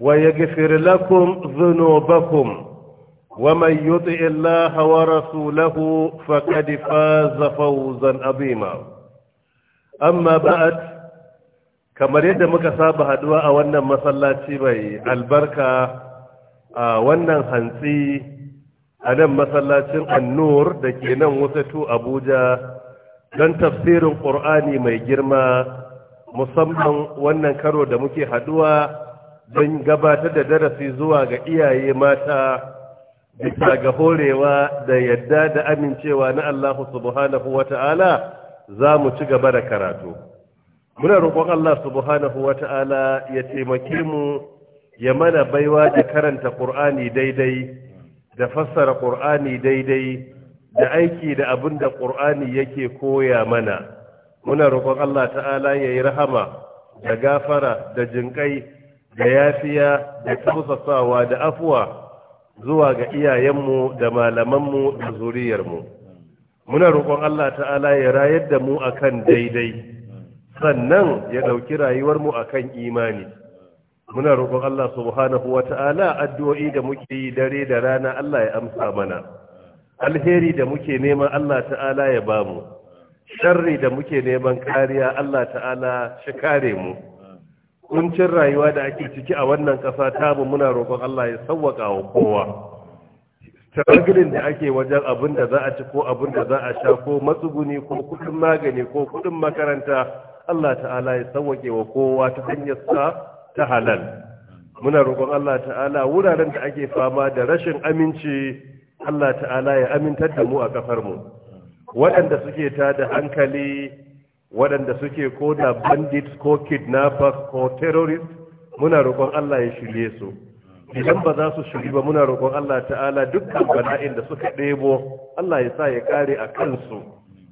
ويغفر لكم ذنوبكم ومن يطع الله ورسوله فقد فاز فوزا عظيما اما بعد kamar yadda muka saba haduwa a wannan masallaci mai albarka a wannan hantsi a nan masallacin annur da ke nan wasatu abuja don tafsirin ƙur'ani mai girma musamman wannan karo da muke haduwa don gabatar da darasi zuwa ga iyaye mata bisa ga horewa da yadda da amincewa na Allah subhanahu wa ta'ala za mu ci gaba da karatu. Muna roƙon Allah subhanahu wa ta'ala ya taimake mu ya mana baiwa da karanta ƙur'ani daidai, da fassara ƙur'ani daidai, da aiki da abin da ƙur'ani yake koya mana. Muna roƙon Allah ta'ala ya yi rahama da gafara da jinƙai da yafiya da tausasawa da afuwa zuwa ga iyayenmu da malamanmu da zuriyarmu muna roƙon Allah ta'ala ya rayar da mu akan daidai sannan ya ɗauki rayuwarmu akan imani muna roƙon Allah subhanahu wa ta'ala addu'o'i da muke yi dare da rana Allah ya amsa mana alheri da muke neman Allah ta'ala ya bamu sharri da muke neman kariya Allah ta'ala shi kare mu kuncin rayuwa da ake ciki a wannan ƙasa tamu muna roƙon Allah ya sauwaka wa kowa struggling da ake wajen abin da za a ci ko abin da za a sha ko matsuguni ko kuɗin magani ko kuɗin makaranta Allah ta'ala ya sauwake wa kowa ta hanyar sa ta halal muna roƙon Allah ta'ala wuraren da ake fama da rashin aminci Allah ta'ala ya amintar da mu a ƙasar mu waɗanda suke ta da hankali waɗanda suke ko da bandit ko kidnappers ko terrorists muna roƙon Allah ya shirye su idan ba za su shiri ba muna roƙon Allah ta'ala dukkan bala'in da suka ɗebo Allah ya sa ya kare a kansu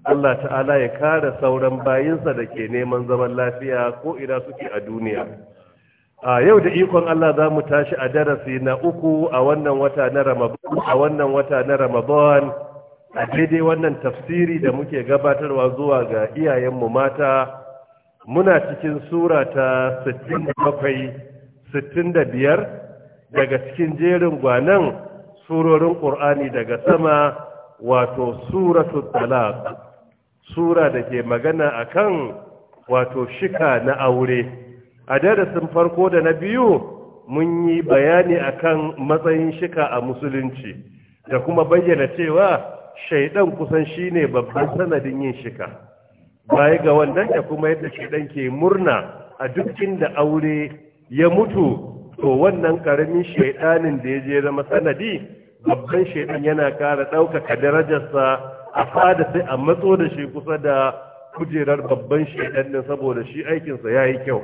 Allah ta'ala ya kare sauran bayinsa da ke neman zaman lafiya ko ina suke a duniya a yau da ikon Allah za mu tashi a darasi na uku a wannan wata na Ramadan a wannan wata na Ramadan a daidai wannan tafsiri da muke gabatarwa zuwa ga iyayenmu mata muna cikin sura ta da biyar daga cikin jerin gwanan surorin ƙur'ani daga sama wato suratu talaq sura da ke magana akan wato shika na aure a darasin farko da na biyu mun yi bayani akan matsayin shika a musulunci da kuma bayyana cewa shaidan kusan shine babban sanadin yin shika baya ga wannan da kuma yadda shaidan ke murna a duk inda aure ya mutu to wannan karamin shaidanin da ya je zama sanadi babban shaidan yana kara ɗaukaka darajarsa a fada sai a matso da shi kusa da kujerar babban shaidan din saboda shi aikinsa ya yi kyau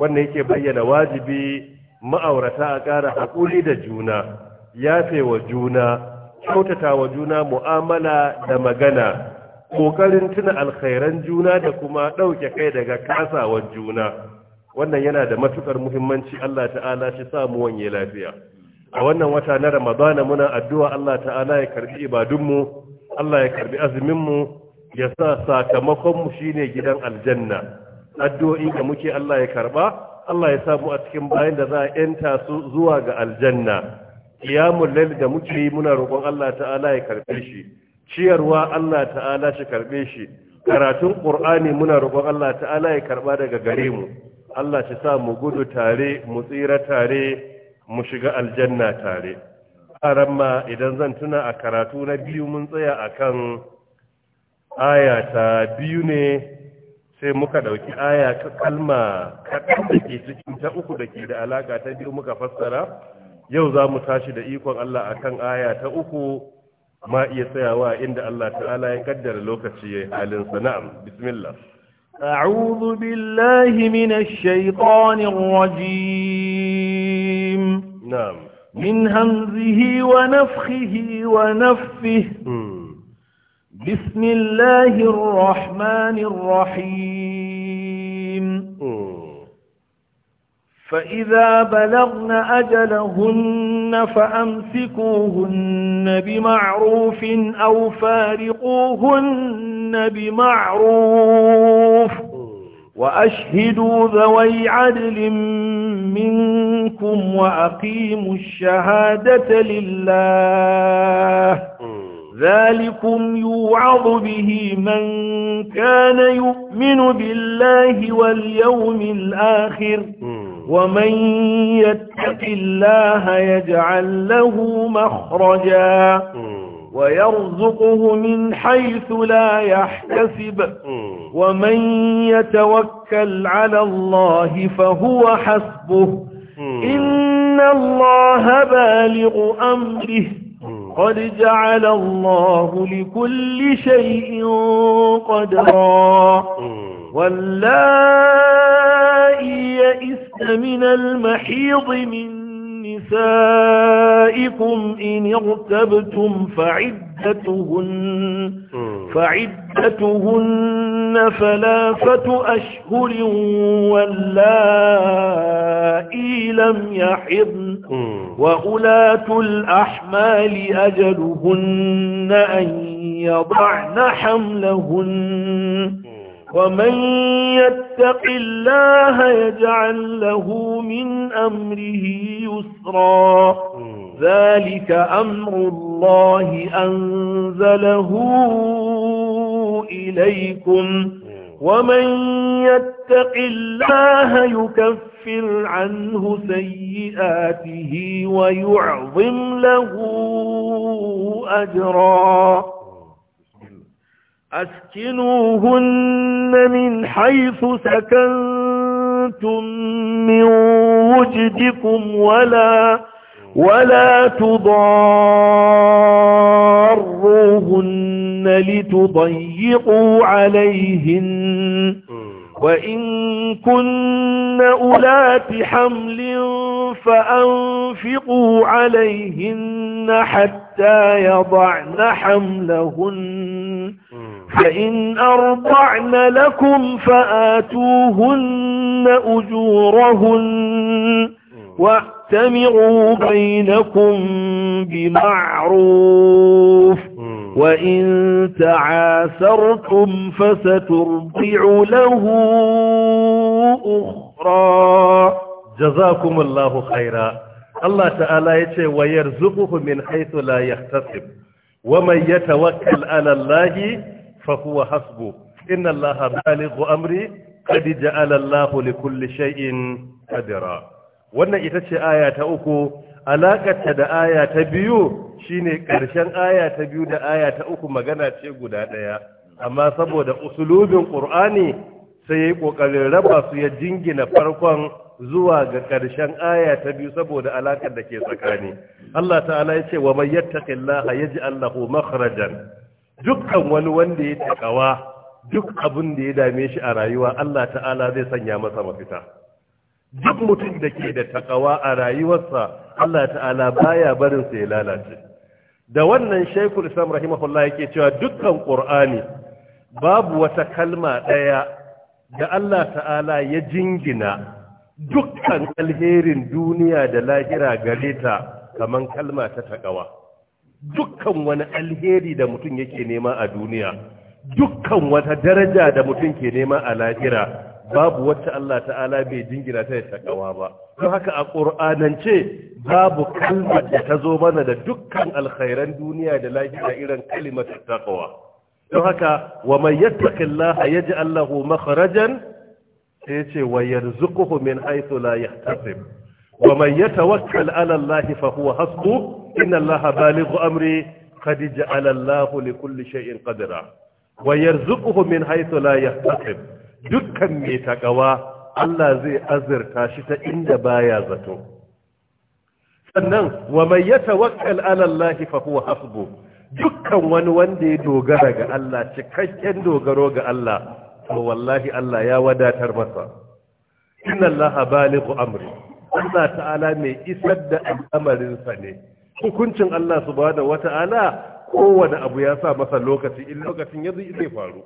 wannan yake bayyana wajibi ma'aurata a kara haƙuri da juna yafe wa juna kyautata wa juna mu'amala da magana kokarin tuna alkhairan juna da kuma ɗauke kai daga kasawar juna wannan yana da matukar muhimmanci Allah ta'ala shi sa mu wanye lafiya a wannan wata na ramadana muna addu'a Allah ta'ala ya karbi ibadunmu Allah ya karbi azuminmu ya sa sakamakonmu shine gidan aljanna addu'o'in da muke Allah ya karba Allah ya samu a cikin bayan da za a yanta su zuwa ga aljanna qiyamul lal da muke muna roƙon Allah ta'ala ya karbe shi ciyarwa Allah ta'ala shi karbe shi karatun qur'ani muna roƙon Allah ta'ala ya karba daga gare mu Allah shi sa mu gudu tare mu tsira tare mu shiga aljanna tare aramma idan zan tuna a karatu na biyu mun tsaya akan aya ta biyu ne sai muka ɗauki aya kalma kaɗan da ke cikin ta uku da ke da alaƙa ta biyu muka fassara yau za mu tashi da ikon Allah akan aya ta uku ma iya tsayawa inda Allah ta'ala ya kaddara lokaci ya yi halin sana'am bismillah أعوذ بالله من الشيطان الرجيم نعم من همزه ونفخه ونفه بسم الله الرحمن الرحيم فإذا بلغن أجلهن فأمسكوهن بمعروف أو فارقوهن بمعروف وأشهدوا ذوي عدل منكم وأقيموا الشهادة لله ذلكم يوعظ به من كان يؤمن بالله واليوم الآخر ومن يتق الله يجعل له مخرجا ويرزقه من حيث لا يحتسب ومن يتوكل على الله فهو حسبه إن الله بالغ أمره قد جعل الله لكل شيء قدرا واللائي يئسن من المحيض من نسائكم إن ارتبتم فعدتهن, فعدتهن ثلاثة أشهر واللائي لم يحضن وأولاة الأحمال أجلهن أن يضعن حملهن ومن يتق الله يجعل له من أمره يسرا ذلك أمر الله أنزله إليكم ومن يتق الله يكفر عنه سيئاته ويعظم له أجرا أسكنوهن من حيث سكنتم من وجدكم ولا ولا تضاروهن لتضيقوا عليهن وإن كن أولات حمل فأنفقوا عليهن حتى يضعن حملهن فإن أرضعن لكم فآتوهن أجورهن واعتمروا بينكم بمعروف وإن تعاثرتم فسترضع له أخرى جزاكم الله خيرا الله تعالى يتي ويرزقه من حيث لا يحتسب wa man yatawakkal ala Allah fa huwa hasbu inna Allah baligh amri qad ja'ala Allah li kulli shay'in qadira wannan ita ce aya ta uku alakarta da aya ta biyu shine ƙarshen aya ta biyu da aya ta uku magana ce guda ɗaya amma saboda usulubin ƙur'ani sai ya yi ƙoƙarin raba su ya jingina farkon zuwa ga ƙarshen aya ta biyu saboda alaƙar da ke tsakani Allah ta'ala ya ce wa a yaji Allah lahu makhrajan dukkan wani wanda ya takawa duk abin da ya dame shi a rayuwa Allah ta'ala zai sanya masa mafita duk mutum da ke da takawa a rayuwarsa Allah ta'ala baya barin sa ya lalace da wannan Shaikul Islam rahimahullah yake cewa dukkan Qur'ani babu wata kalma ɗaya da Allah ta'ala ya jingina dukkan alherin duniya da lahira gare ta kaman kalma ta taƙawa dukkan wani alheri da mutum yake nema a duniya dukkan wata daraja da mutum ke nema a lahira babu wacce Allah ta'ala bai jingina ta da takawa ba don haka a ƙur'anance babu kalma da ta zo mana da dukkan alkhairan duniya da lahira irin kalmar takawa don haka wa man yattaqillaha yaj'al lahu makhrajan sai yace wa yarzuquhu min haythu la yahtasib wa man yatawakkal ala Allah fa huwa hasbu inna Allah balighu amri qad ja'ala Allah li kulli shay'in qadra wa yarzuquhu min haythu la yahtasib dukkan mai takawa Allah zai azurta shi ta inda baya zato sannan wa man yatawakkal ala Allah fa huwa hasbu dukkan wani wanda ya dogara ga Allah cikakken dogaro ga Allah to wallahi Allah ya wadatar masa inna Allah balighu amri Allah ta'ala mai isar da al'amarin sa ne hukuncin Allah subhanahu wata'ala kowane abu ya sa masa lokaci in lokacin ya zai faru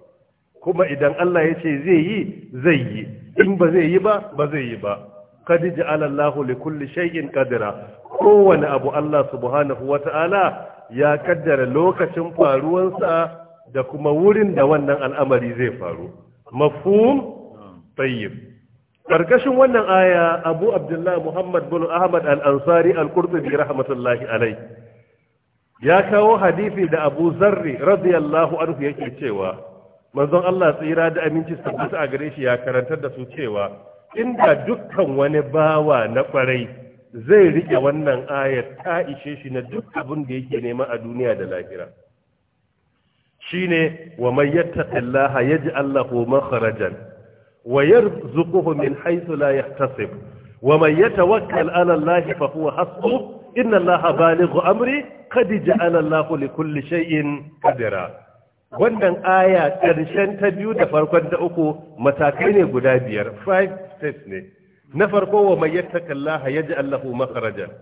kuma idan Allah ya ce zai yi zai yi in ba zai yi ba ba zai yi ba ja'ala Allah li kulli shay'in قدرا kowane abu Allah subhanahu wata'ala ya kaddara lokacin sa, da kuma wurin da wannan al'amari zai faru mafhum tayyib karkashin wannan aya abu abdullahi muhammad bin ahmad al-ansari al-qurtubi rahmatullahi alai ya kawo hadisi da abu zarri radiyallahu anhu yake cewa manzon Allah tsira da aminci sabbata a gare shi ya karantar da su cewa inda dukkan wani bawa na kwarai zai rike wannan ayat ta ishe shi na duk abin da yake nema a duniya da lafiya shine wa man yattaqillaha yaj'al lahu makhrajan wa yarzuquhu min haythu la yahtasib wa man yatawakkal 'ala Allahi fa huwa hasbuh inna Allaha balighu amri ji ja'ala Allahu li kulli shay'in qadira wannan aya karshen ta biyu da farkon ta uku matakai ne guda biyar five steps ne na farko wa man yattaqillaha ji allahu makharajan.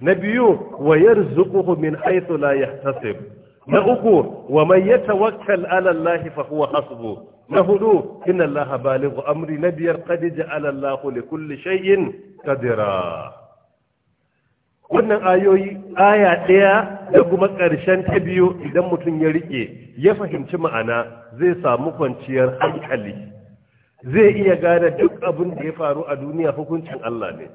na biyu wa yarzuquhu min haythu la yahtasib na uku wa mai ya ala Allah fa huwa hasbu na hudu inna Allah balighu amri na biyar qad ja'ala Allah li kulli shay'in qadira wannan ayoyi aya ɗaya da kuma karshen ta biyu idan mutum ya rike ya fahimci ma'ana zai samu kwanciyar hankali zai iya gane duk abin da ya faru a duniya hukuncin Allah ne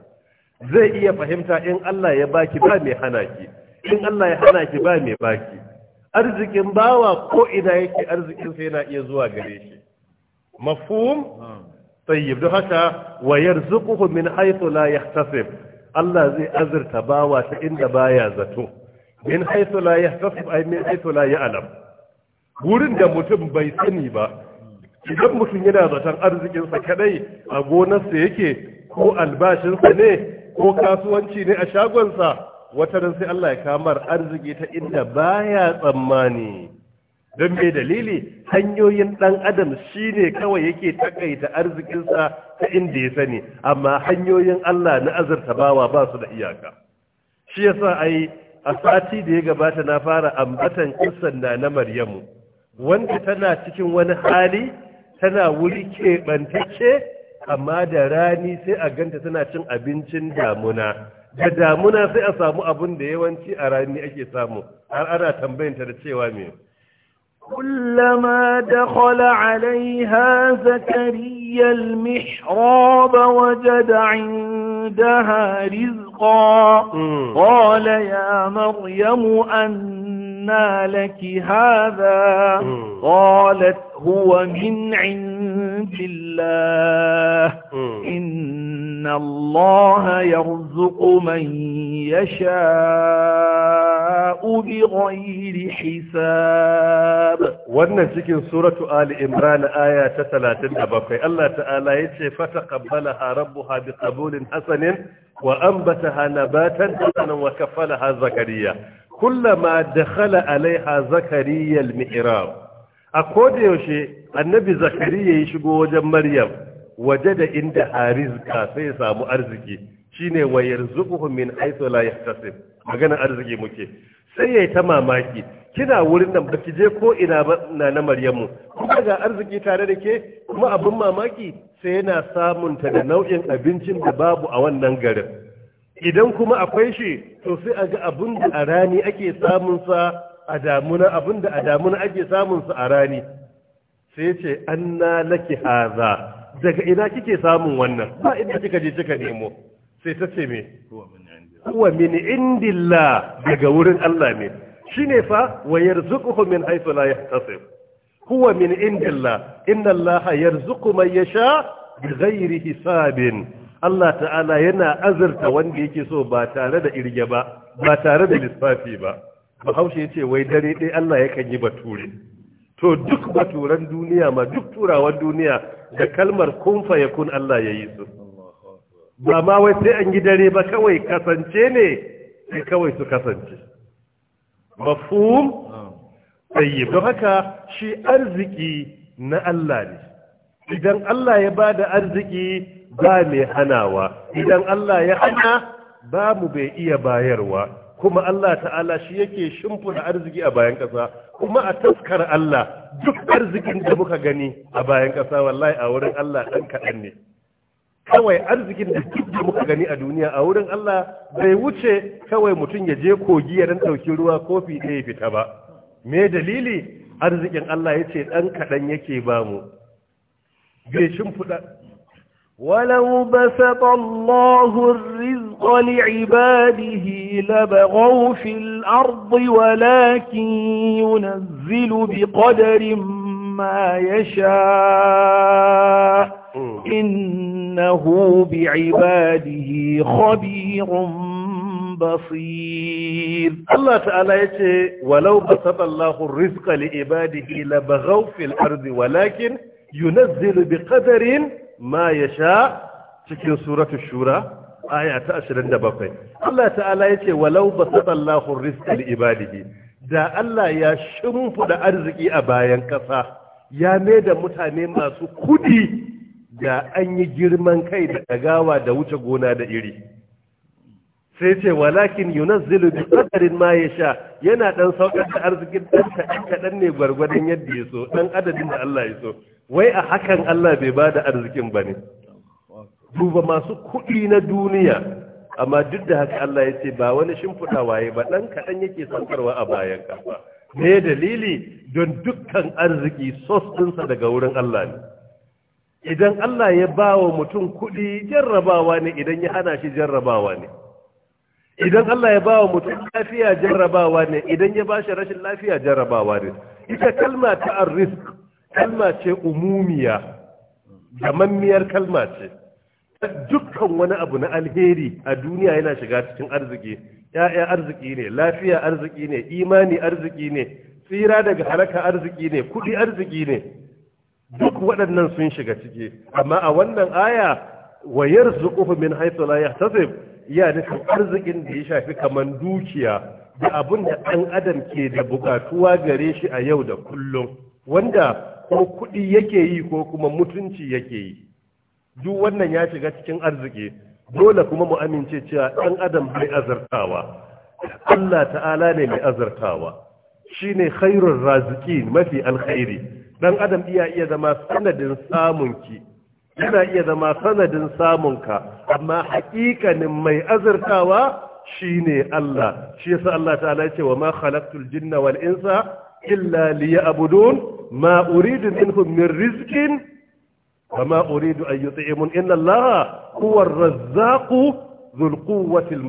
zai iya fahimta in Allah ya baki ba mai hana ki in Allah ya hana ki ba mai baki arzikin bawa ko ina yake arzikin sai yana iya zuwa gare shi mafhum tayyib don haka wa yarzuquhu min haythu la yahtasib Allah zai azurta bawa ta inda baya zato min haythu la yahtasib ay min haythu la ya'lam gurin da mutum bai sani ba idan mutum yana zaton arzikinsa kadai a gonarsa yake ko albashinsa ne ko kasuwanci ne a shagonsa wata ran sai Allah ya kamar arziki ta inda baya tsammani don mai dalili hanyoyin ɗan adam shine kawai yake takaita arzikinsa ta inda ya sani amma hanyoyin Allah na azurta bawa ba su da iyaka shi yasa ai a sati da ya gabata na fara ambatan kissan na na Maryamu wanda tana cikin wani hali tana wuri keɓantacce amma da rani sai a ganta tana cin abincin damuna da damuna sai a samu abin da yawanci a rani ake samu har ana tambayinta da cewa me كلما دخل عليها زكريا المحراب وجد عندها رزقا قال يا مريم أنى لك هذا قالت هو من عند الله إن الله يرزق من يشاء بغير حساب wannan cikin suratu ali imran aya ta 37 Allah ta'ala yace fataqabbalaha rabbuha biqabulin hasanin wa anbataha nabatan hasanan wa kaffalaha zakariya kullama dakhala alaiha zakariya al-mihrab a koda yaushe annabi zakari ya yi shigo wajen maryam waje da inda Haris sai ya samu arziki shine wayar zubuhu min haythu la yahtasib magana arziki muke sai yayi ta mamaki kina wurin nan baki je ko ina ba na na maryamu kuma ga arziki tare da ke kuma abin mamaki sai yana samun ta da nau'in abincin da babu a wannan garin idan kuma akwai shi to sai a ga abin da a rani ake samun sa a damuna abinda a damuna ake samun su a rani sai ce anna laki haza daga ina kike samun wannan ba inda kika je kika nemo sai ta ce me huwa min indillah daga wurin Allah ne shine fa wa yarzuquhu min haythu la yahtasib huwa min indillah inna Allah yarzuqu man yasha bighairi hisabin Allah ta'ala yana azurta wanda yake so ba tare da irge ba ba tare da lissafi ba bahaushe ya ce wai dare ɗaya Allah ya kan yi bature to duk baturen duniya ma duk turawan duniya da kalmar kun fa kun Allah ya yi su ba ma wai sai an yi dare ba kawai kasance ne sai kawai su kasance mafhum tayyib don haka shi arziki na Allah ne idan Allah ya bada arziki ba mai hanawa idan Allah ya hana ba mu bai iya bayarwa kuma Allah ta'ala shi yake shimfuna arziki a bayan ƙasa kuma a taskar Allah duk arzikin da muka gani a bayan ƙasa wallahi a wurin Allah ɗan kaɗan ne kawai arzikin da duk da muka gani a duniya a wurin Allah bai wuce kawai mutum ya je kogi ya dan ɗauki ruwa kofi ɗaya fita ba me dalili arzikin Allah ya ce ɗan kaɗan yake ba mu bai shimfiɗa ولو بسط الله الرزق لعباده لبغوا في الأرض ولكن ينزل بقدر ما يشاء إنه بعباده خبير بصير الله تعالى يقول ولو بسط الله الرزق لعباده لبغوا في الأرض ولكن ينزل بقدر ma ya sha cikin suratu shura aya ta bakwai. Allah ta'ala ya yace walau basatallahu allahun li ibadihi da Allah ya da arziki a bayan kasa ya mai da mutane masu kudi da an yi girman kai da dagawa da wuce gona da iri sai ce walakin yunazzilu bi qadarin ma yasha yana ɗan saukar da arzikin dan kaɗan ne gwargwadon yadda ya so. Ɗan adadin da Allah ya so. wai a hakan Allah bai ba da arzikin ba ne duba masu kuɗi na duniya amma duk da haka Allah ya ce ba wani shimfiɗa waye ba ɗan kaɗan yake sankarwa a bayan kafa me dalili don dukkan arziki sos ɗinsa daga wurin Allah ne idan Allah ya ba wa mutum kuɗi jarrabawa ne idan ya hana shi jarrabawa ne idan Allah ya ba wa mutum lafiya jarrabawa ne idan ya ba shi rashin lafiya jarrabawa ne ita kalma ta arrisk kalma ce umumiya gamammiyar kalma ce dukkan wani abu na alheri a duniya yana shiga cikin arziki ya'ya arziki ne lafiya arziki ne imani arziki ne tsira daga haraka arziki ne kudi arziki ne duk waɗannan sun shiga ciki amma a wannan aya wa yarzuquhu min haythu la yahtasib ya nufin arzikin da ya shafi kaman dukiya da abin da ɗan adam ke da bukatuwa gare shi a yau da kullum wanda ko kuɗi yake yi ko kuma mutunci yake yi duk wannan ya shiga cikin arziki dole kuma mu amince cewa ɗan adam bai azartawa Allah ta'ala ne mai azartawa shine khairur raziki mafi alkhairi Ɗan adam iya iya zama sanadin samunki yana iya zama sanadin samun ka. amma haƙiƙanin mai azartawa shine Allah shi yasa Allah ta'ala ya ce wa ma khalaqtul jinna wal insa illa liya'budun ma uridu minhum min rizqin wa uridu an yut'imun inna allaha huwa ar-razzaqu dhul quwwati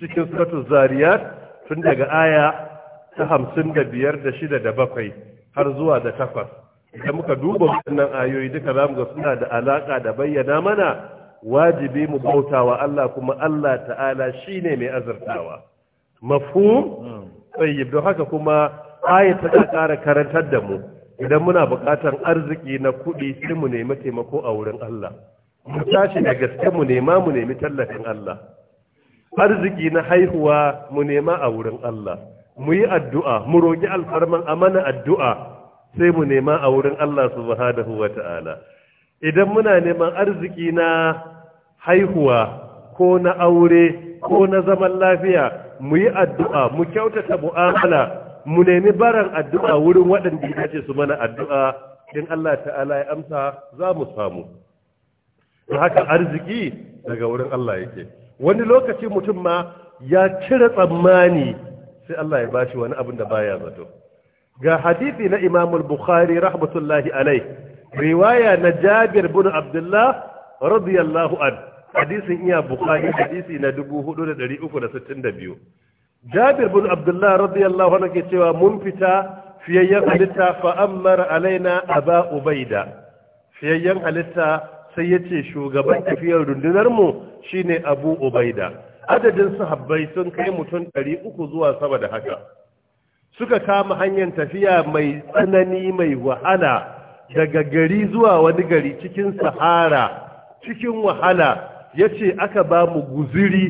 cikin suratul zariyat tun daga aya ta 55 da 6 da 7 har zuwa da 8 idan muka duba wannan ayoyi duka zamu ga suna da alaka da bayyana mana wajibi mu bautawa Allah kuma Allah ta'ala shine mai azurtawa mafhum tayyib don haka kuma ayat ta ƙara karantar da mu idan muna buƙatar arziki na kuɗi sai mu nemi taimako a wurin Allah mu tashi da gaske mu nema mu nemi tallafin Allah arziki na haihuwa mu nema a wurin Allah mu yi addu'a mu roƙi alfarman amana addu'a sai mu nema a wurin Allah subhanahu wata'ala idan muna neman arziki na haihuwa ko na aure ko na zaman lafiya mu yi addu'a mu kyautata mu'amala mu nemi baran addu'a wurin waɗanda ya ce su mana addu'a in Allah ta'ala ya amsa za mu samu don haka arziki daga wurin Allah yake wani lokaci mutum ma ya cire tsammani sai Allah ya bashi wani abin da baya zato ga hadisi na Imamul bukhari rahmatullahi alai riwaya na Jabir bin Abdullah radiyallahu an hadisin iya Bukhari hadithi na 4362 jabir bin abdullah radiyallahu anhu ke cewa mun fita fiyayyan halitta fa ammar alaina aba ubaida fiyayyen halitta sai yace shugaban tafiyar rundunar mu shine abu ubaida adadin sahabbai sun kai mutum ɗari uku zuwa sama da haka suka kama hanyar tafiya mai tsanani mai wahala daga gari zuwa wani gari cikin sahara cikin wahala yace aka ba mu guziri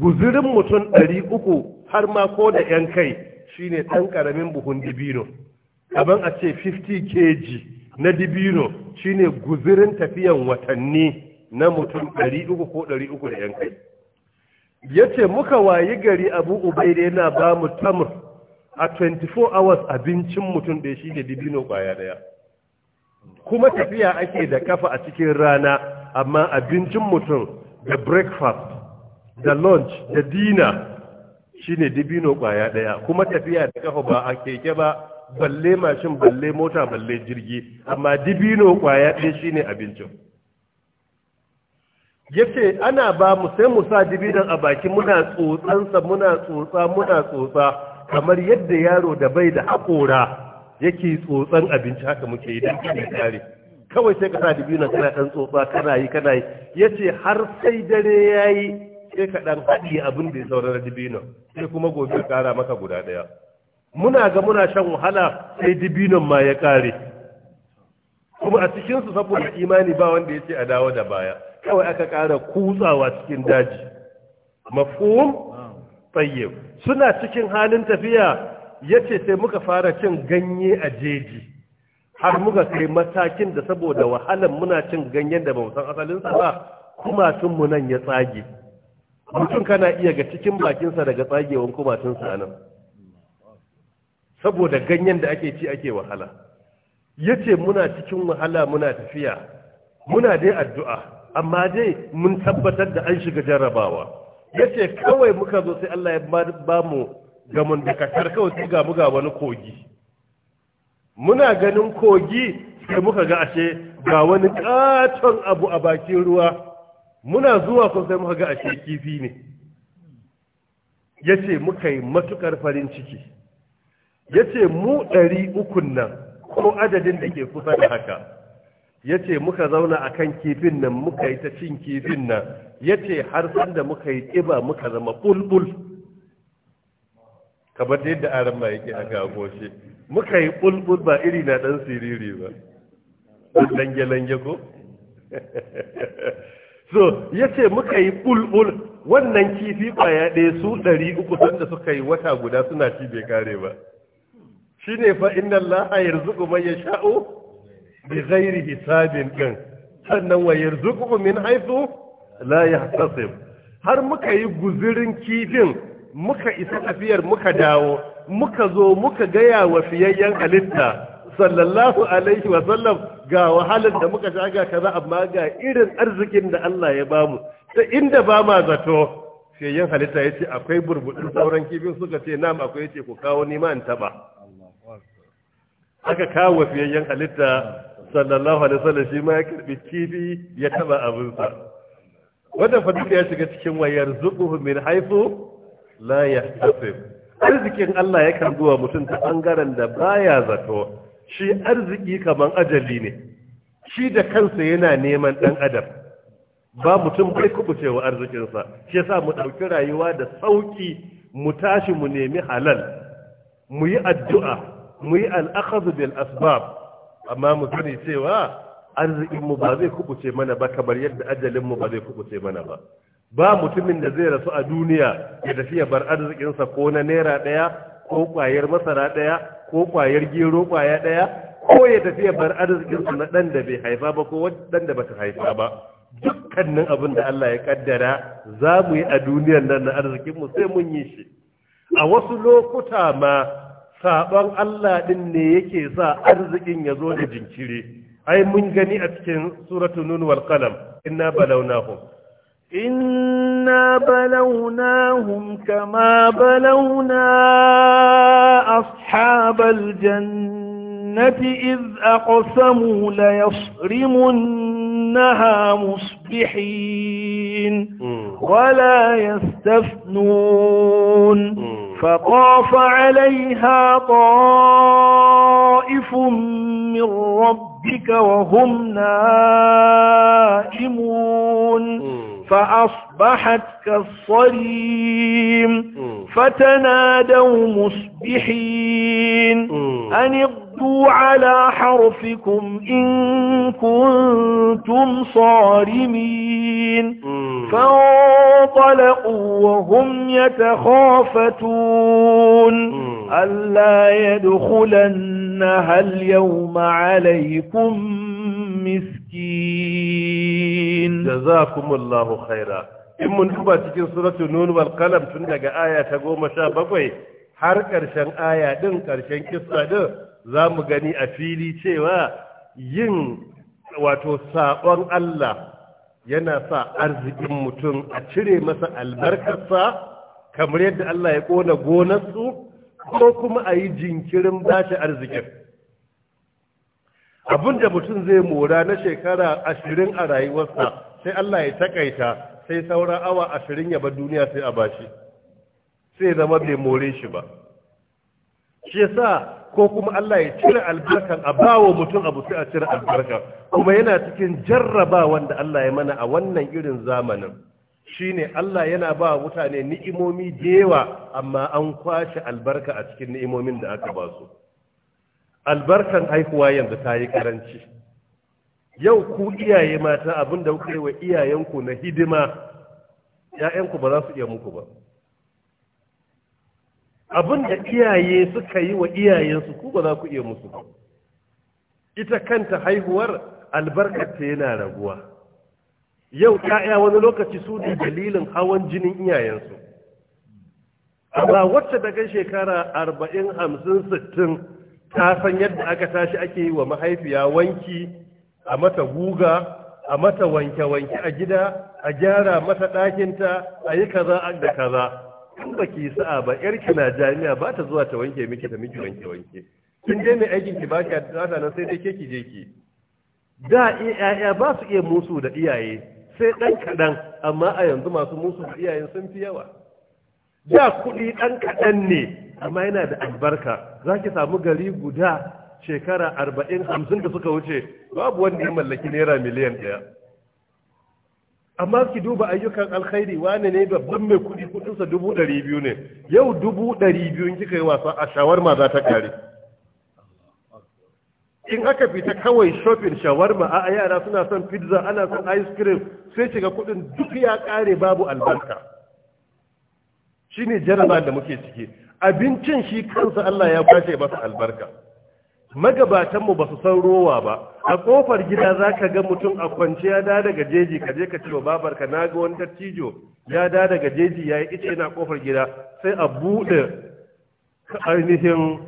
guzirin mutum ɗari uku har ma ko da yan kai shine ɗan ƙaramin buhun dibino abin a ce 50 kg na dibino shine guzirin tafiyan watanni na mutum 300 ko 300 da yan kai ya ce muka wayi gari abu da yana ba mu tamur a 24 hours abincin mutum da shi da dibino kwaya daya kuma tafiya ake da kafa a cikin rana amma abincin mutum da breakfast da lunch da dinner Shi ne dibino kwaya ɗaya, kuma tafiya da kafa ba a keke ba balle mashin balle mota balle jirgi amma dibino kwaya ɗaya shi ne abincin yace ana ba mu sai mu sa dibinan a baki muna tsotsansa muna tsotsa muna tsotsa kamar yadda yaro da bai da haƙora yake tsotsan abinci haka muke yi don kare kare kawai sai ka sa dibinan kana ɗan tsotsa kana yi kana yi yace har sai dare yayi sai ka dan haɗi abin da ya saura na dibino sai kuma gobe ka maka guda ɗaya muna ga muna shan wahala sai dibinon ma ya ƙare kuma a cikinsu su saboda imani ba wanda ya ce a dawo da baya kawai aka ƙara kutsawa cikin daji mafhum tayyib suna cikin halin tafiya yace sai muka fara cin ganye a jeji har muka kai matakin da saboda wahalan muna cin ganyen da ba mu san asalin sa ba kuma tun mu nan ya tsage mutum kana iya ga cikin bakinsa daga tsagewan kumatinsa a nan saboda ganyen da ake ci ake wahala ya ce muna cikin wahala muna tafiya muna dai addu'a amma dai mun tabbatar da an shiga jarrabawa ya ce kawai muka zo sai Allah ya ba mu gamon da katar kawai sai ga wani kogi muna ganin kogi sai muka ga ashe ga wani katon abu a bakin ruwa muna zuwa kun sai muka ga ashe kifi ne yace muka yi matukar farin ciki yace mu ɗari ukun nan ko adadin da ke kusa da haka yace muka zauna a kan kifin nan muka yi ta cin kifin nan yace har sanda muka yi ƙiba muka zama bulbul kamar da yadda aran ma yake a agoshe muka yi bulbul ba iri na ɗan siriri ba dan lange-lange ko so ya ce muka yi bulbul wannan kifi ƙwaya ɗaya su ɗari uku da suka yi wata guda suna ci bai kare ba shi ne fa inna yar zuku man yasha'u bi ghairi hisabin ɗin. sannan wa zuku min haifu la yahtasib har muka yi guzirin kifin muka isa tafiyar muka dawo muka zo muka gaya wa fiyayyen halitta sallallahu alaihi wa sallam ga wahalar da muka sha ga kaza amma ga irin arzikin da Allah ya bamu ta inda ba ma zato sai yin halitta yace akwai burbudin sauran kifin suka ce nam akwai yace ku kawo ni ma in taba aka kawo fiyayyen halitta sallallahu alaihi wasallam shi ma ya karbi kifi ya taba abin sa Wanda fadika ya shiga cikin wayar zubuhu min haifu la yahtasib arzikin Allah ya kan wa mutum ta bangaren da baya zato shi arziki kaman ajali ne shi da kansa yana neman ɗan adam ba mutum bai kubucewa arzikinsa shi yasa mu ɗauki rayuwa da sauƙi mu tashi mu nemi halal mu yi addu'a mu yi al'akazu bil asbab amma mu sani cewa arzikinmu ba zai kubuce mana ba kamar yadda ajalinmu ba zai kubuce mana ba ba mutumin da zai rasu a duniya ya tafi ya bar arzikinsa ko na naira ɗaya ko kwayar masara ɗaya ko kwayar gero kwaya ɗaya ko ya tafi ya bar arzikinsu na ɗan da bai haifa ba ko ɗan da bata haifa ba dukkanin abin da Allah ya kaddara za mu yi a duniyar nan na arzikinmu sai mun yi shi a wasu lokuta ma saɓon Allah ɗin ne yake sa arzikin ya zo da jinkiri ai mun gani a cikin suratun nun wal qalam inna balawnahum إنا بلوناهم كما بلونا أصحاب الجنة إذ أقسموا ليصرمنها مصبحين ولا يستفنون فطاف عليها طائف من ربك وهم نائمون فأصبحت كالصريم فتنادوا مصبحين أن اغدوا على حرفكم إن كنتم صارمين فانطلقوا وهم يتخافتون ألا يدخلنها اليوم عليكم miskin جزاكم Allahu Khaira. in mun duba cikin suratul nun wal qalam tun daga aya ta goma sha bakwai har ƙarshen aya ɗin karshen kisa ɗin zamu gani a fili cewa yin wato saɓon Allah yana sa arzikin mutum a cire masa albarkarsa kamar yadda Allah ya ƙona su, ko kuma a yi jinkirin bashi arzikin abin da mutum zai mora na shekara ashirin a rayuwarsa sai Allah ya takaita sai saura awa ashirin ya bar duniya sai a bashi sai zama bai more shi ba shi sa ko kuma Allah ya cire albarkan a bawo mutum abu sai a cire albarkan kuma yana cikin jarraba wanda Allah ya mana a wannan irin zamanin shine Allah yana ba mutane ni'imomi da yawa amma an kwashe albarka a cikin ni'imomin da aka ba su albarkan haihuwa yanzu ta yi karanci yau ku iyaye mata abin da kuka yi wa iyayenku na hidima ‘ya'yanku ba za su iya muku ba abin da iyaye suka yi wa iyayensu ku ba za ku iya musu ba ita kanta haihuwar ta yana raguwa yau ‘ya'ya wani lokaci su ne dalilin hawan jinin iyayensu amma wacce daga shekara arba'in hamsin sittin ta san yadda aka tashi ake yi wa mahaifiya wanki a mata guga a mata wanke-wanke a gida a gyara mata ɗakinta a yi kaza da kaza in ba ki sa'a ba yarki na jami'a ba ta zuwa ta wanke miki da miki wanke-wanke kin je mai aikin ki ba ki da nan sai dai ke ki je ki da iyaye ba su iya musu da iyaye sai ɗan kaɗan amma a yanzu masu musu da iyayen sun fi yawa da kuɗi ɗan kaɗan ne amma yana da albarka za ki samu gari guda shekara arba'in hamsin da suka wuce babu wanda ya mallaki naira miliyan ɗaya amma ki duba ayyukan alkhairi wane ne babban mai kuɗi kuɗinsa dubu ɗari biyu ne yau dubu ɗari biyu kika yi wasa a shawarma za ta kare in aka fita kawai shopping shawarma a yara suna son pizza ana son ice cream sai shiga kuɗin duk ya ƙare babu albarka shine jaraba da muke ciki abincin shi kansa Allah ya kwashe masa albarka magabatanmu ba su san rowa ba a kofar gida za ka ga mutum a kwance ya da daga jeji ka je ka ci wa babarka na ga wani dattijo ya da daga jeji ya yi ice yana kofar gida sai a buɗe ainihin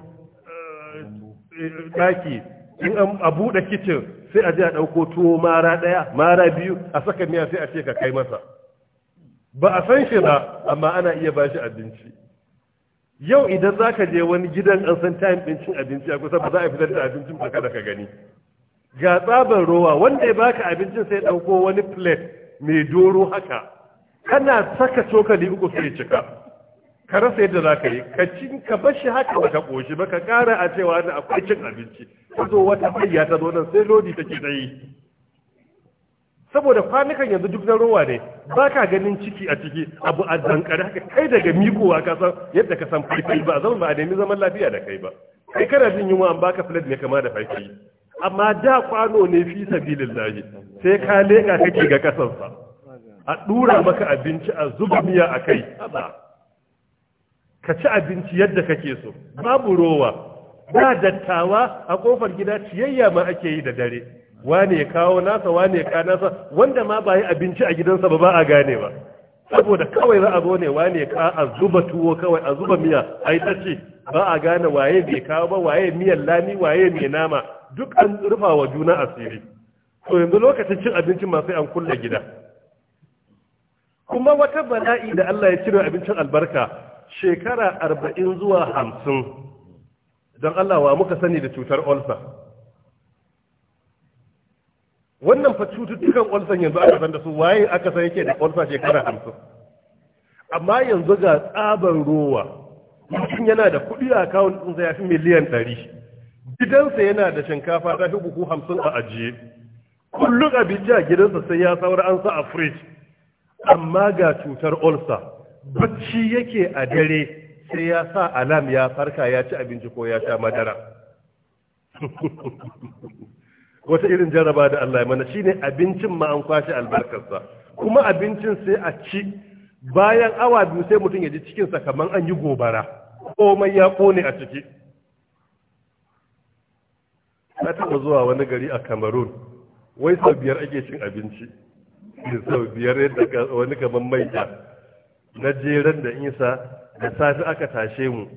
eh, ɗaki in a buɗe kicin sai a je a ɗauko tuwo mara ɗaya mara biyu a saka miya sai a ce ka kai masa ba a san shi ba amma ana iya ba shi abinci yau idan za ka je wani gidan an san time ɗin cin abinci a kusa ba za a fitar da abincin ba kada ka gani ga tsaban rowa wanda ya baka abincin sai ɗauko wani plate mai doro haka kana saka cokali uku sai cika ka rasa yadda za ka yi ka cin ka bar shi haka baka ƙoshi ba ka ƙara a cewa da akwai cin abinci ta zo wata hayya ta zo nan sai lodi take ta saboda kwanukan yanzu duk na rowa ne ba ka ganin ciki a ciki abu a zankare haka kai daga mikowa ka san yadda ka san faifai ba zama ba a nemi zaman lafiya da kai ba kai kana jin yunwa an baka flat ne kama da faifai amma da kwano ne fi sabilin lahi sai ka leka kake ga kasansa a dura maka abinci a zuba miya a kai ka ci abinci yadda kake so babu rowa ba dattawa a kofar gida ciyayya ma ake yi da dare wane ya kawo nasa wane ya kawo nasa wanda ma ba yi abinci a gidansa ba ba a gane ba saboda kawai za a zo ne wane ka a zuba tuwo kawai a zuba miya a yi ce ba a gane waye bai kawo ba waye miyan lami waye mai nama duk an rufa wa juna asiri to yanzu lokacin cin abincin masu an kulle gida kuma wata bala'i da Allah ya cire abincin albarka shekara arba'in zuwa hamsin don Allah wa muka sani da cutar ulcer wannan fa cututtukan olsan yanzu aka san da su waye aka san yake da olsa shekara hamsin amma yanzu ga tsaban rowa mutum yana da kuɗi a akawun ɗinsa ya fi miliyan ɗari gidansa yana da shinkafa ta fi buhu hamsin a ajiye kullum abinci a gidansa sai ya saura an sa a fridge amma ga cutar olsa bacci yake a dare sai ya sa alam ya farka ya ci abinci ko ya sha madara wata irin jaraba da Allah ya mana shine abincin ma an kwashe albarkarsa kuma abincin sai a ci bayan awa biyu sai mutum ya ji cikinsa kamar an yi gobara komai ya kone a ciki na taɓa zuwa wani gari a cameroon wai sau biyar ake cin abinci da sau biyar yadda wani kamar maita na jeren da isa da safi aka tashe mu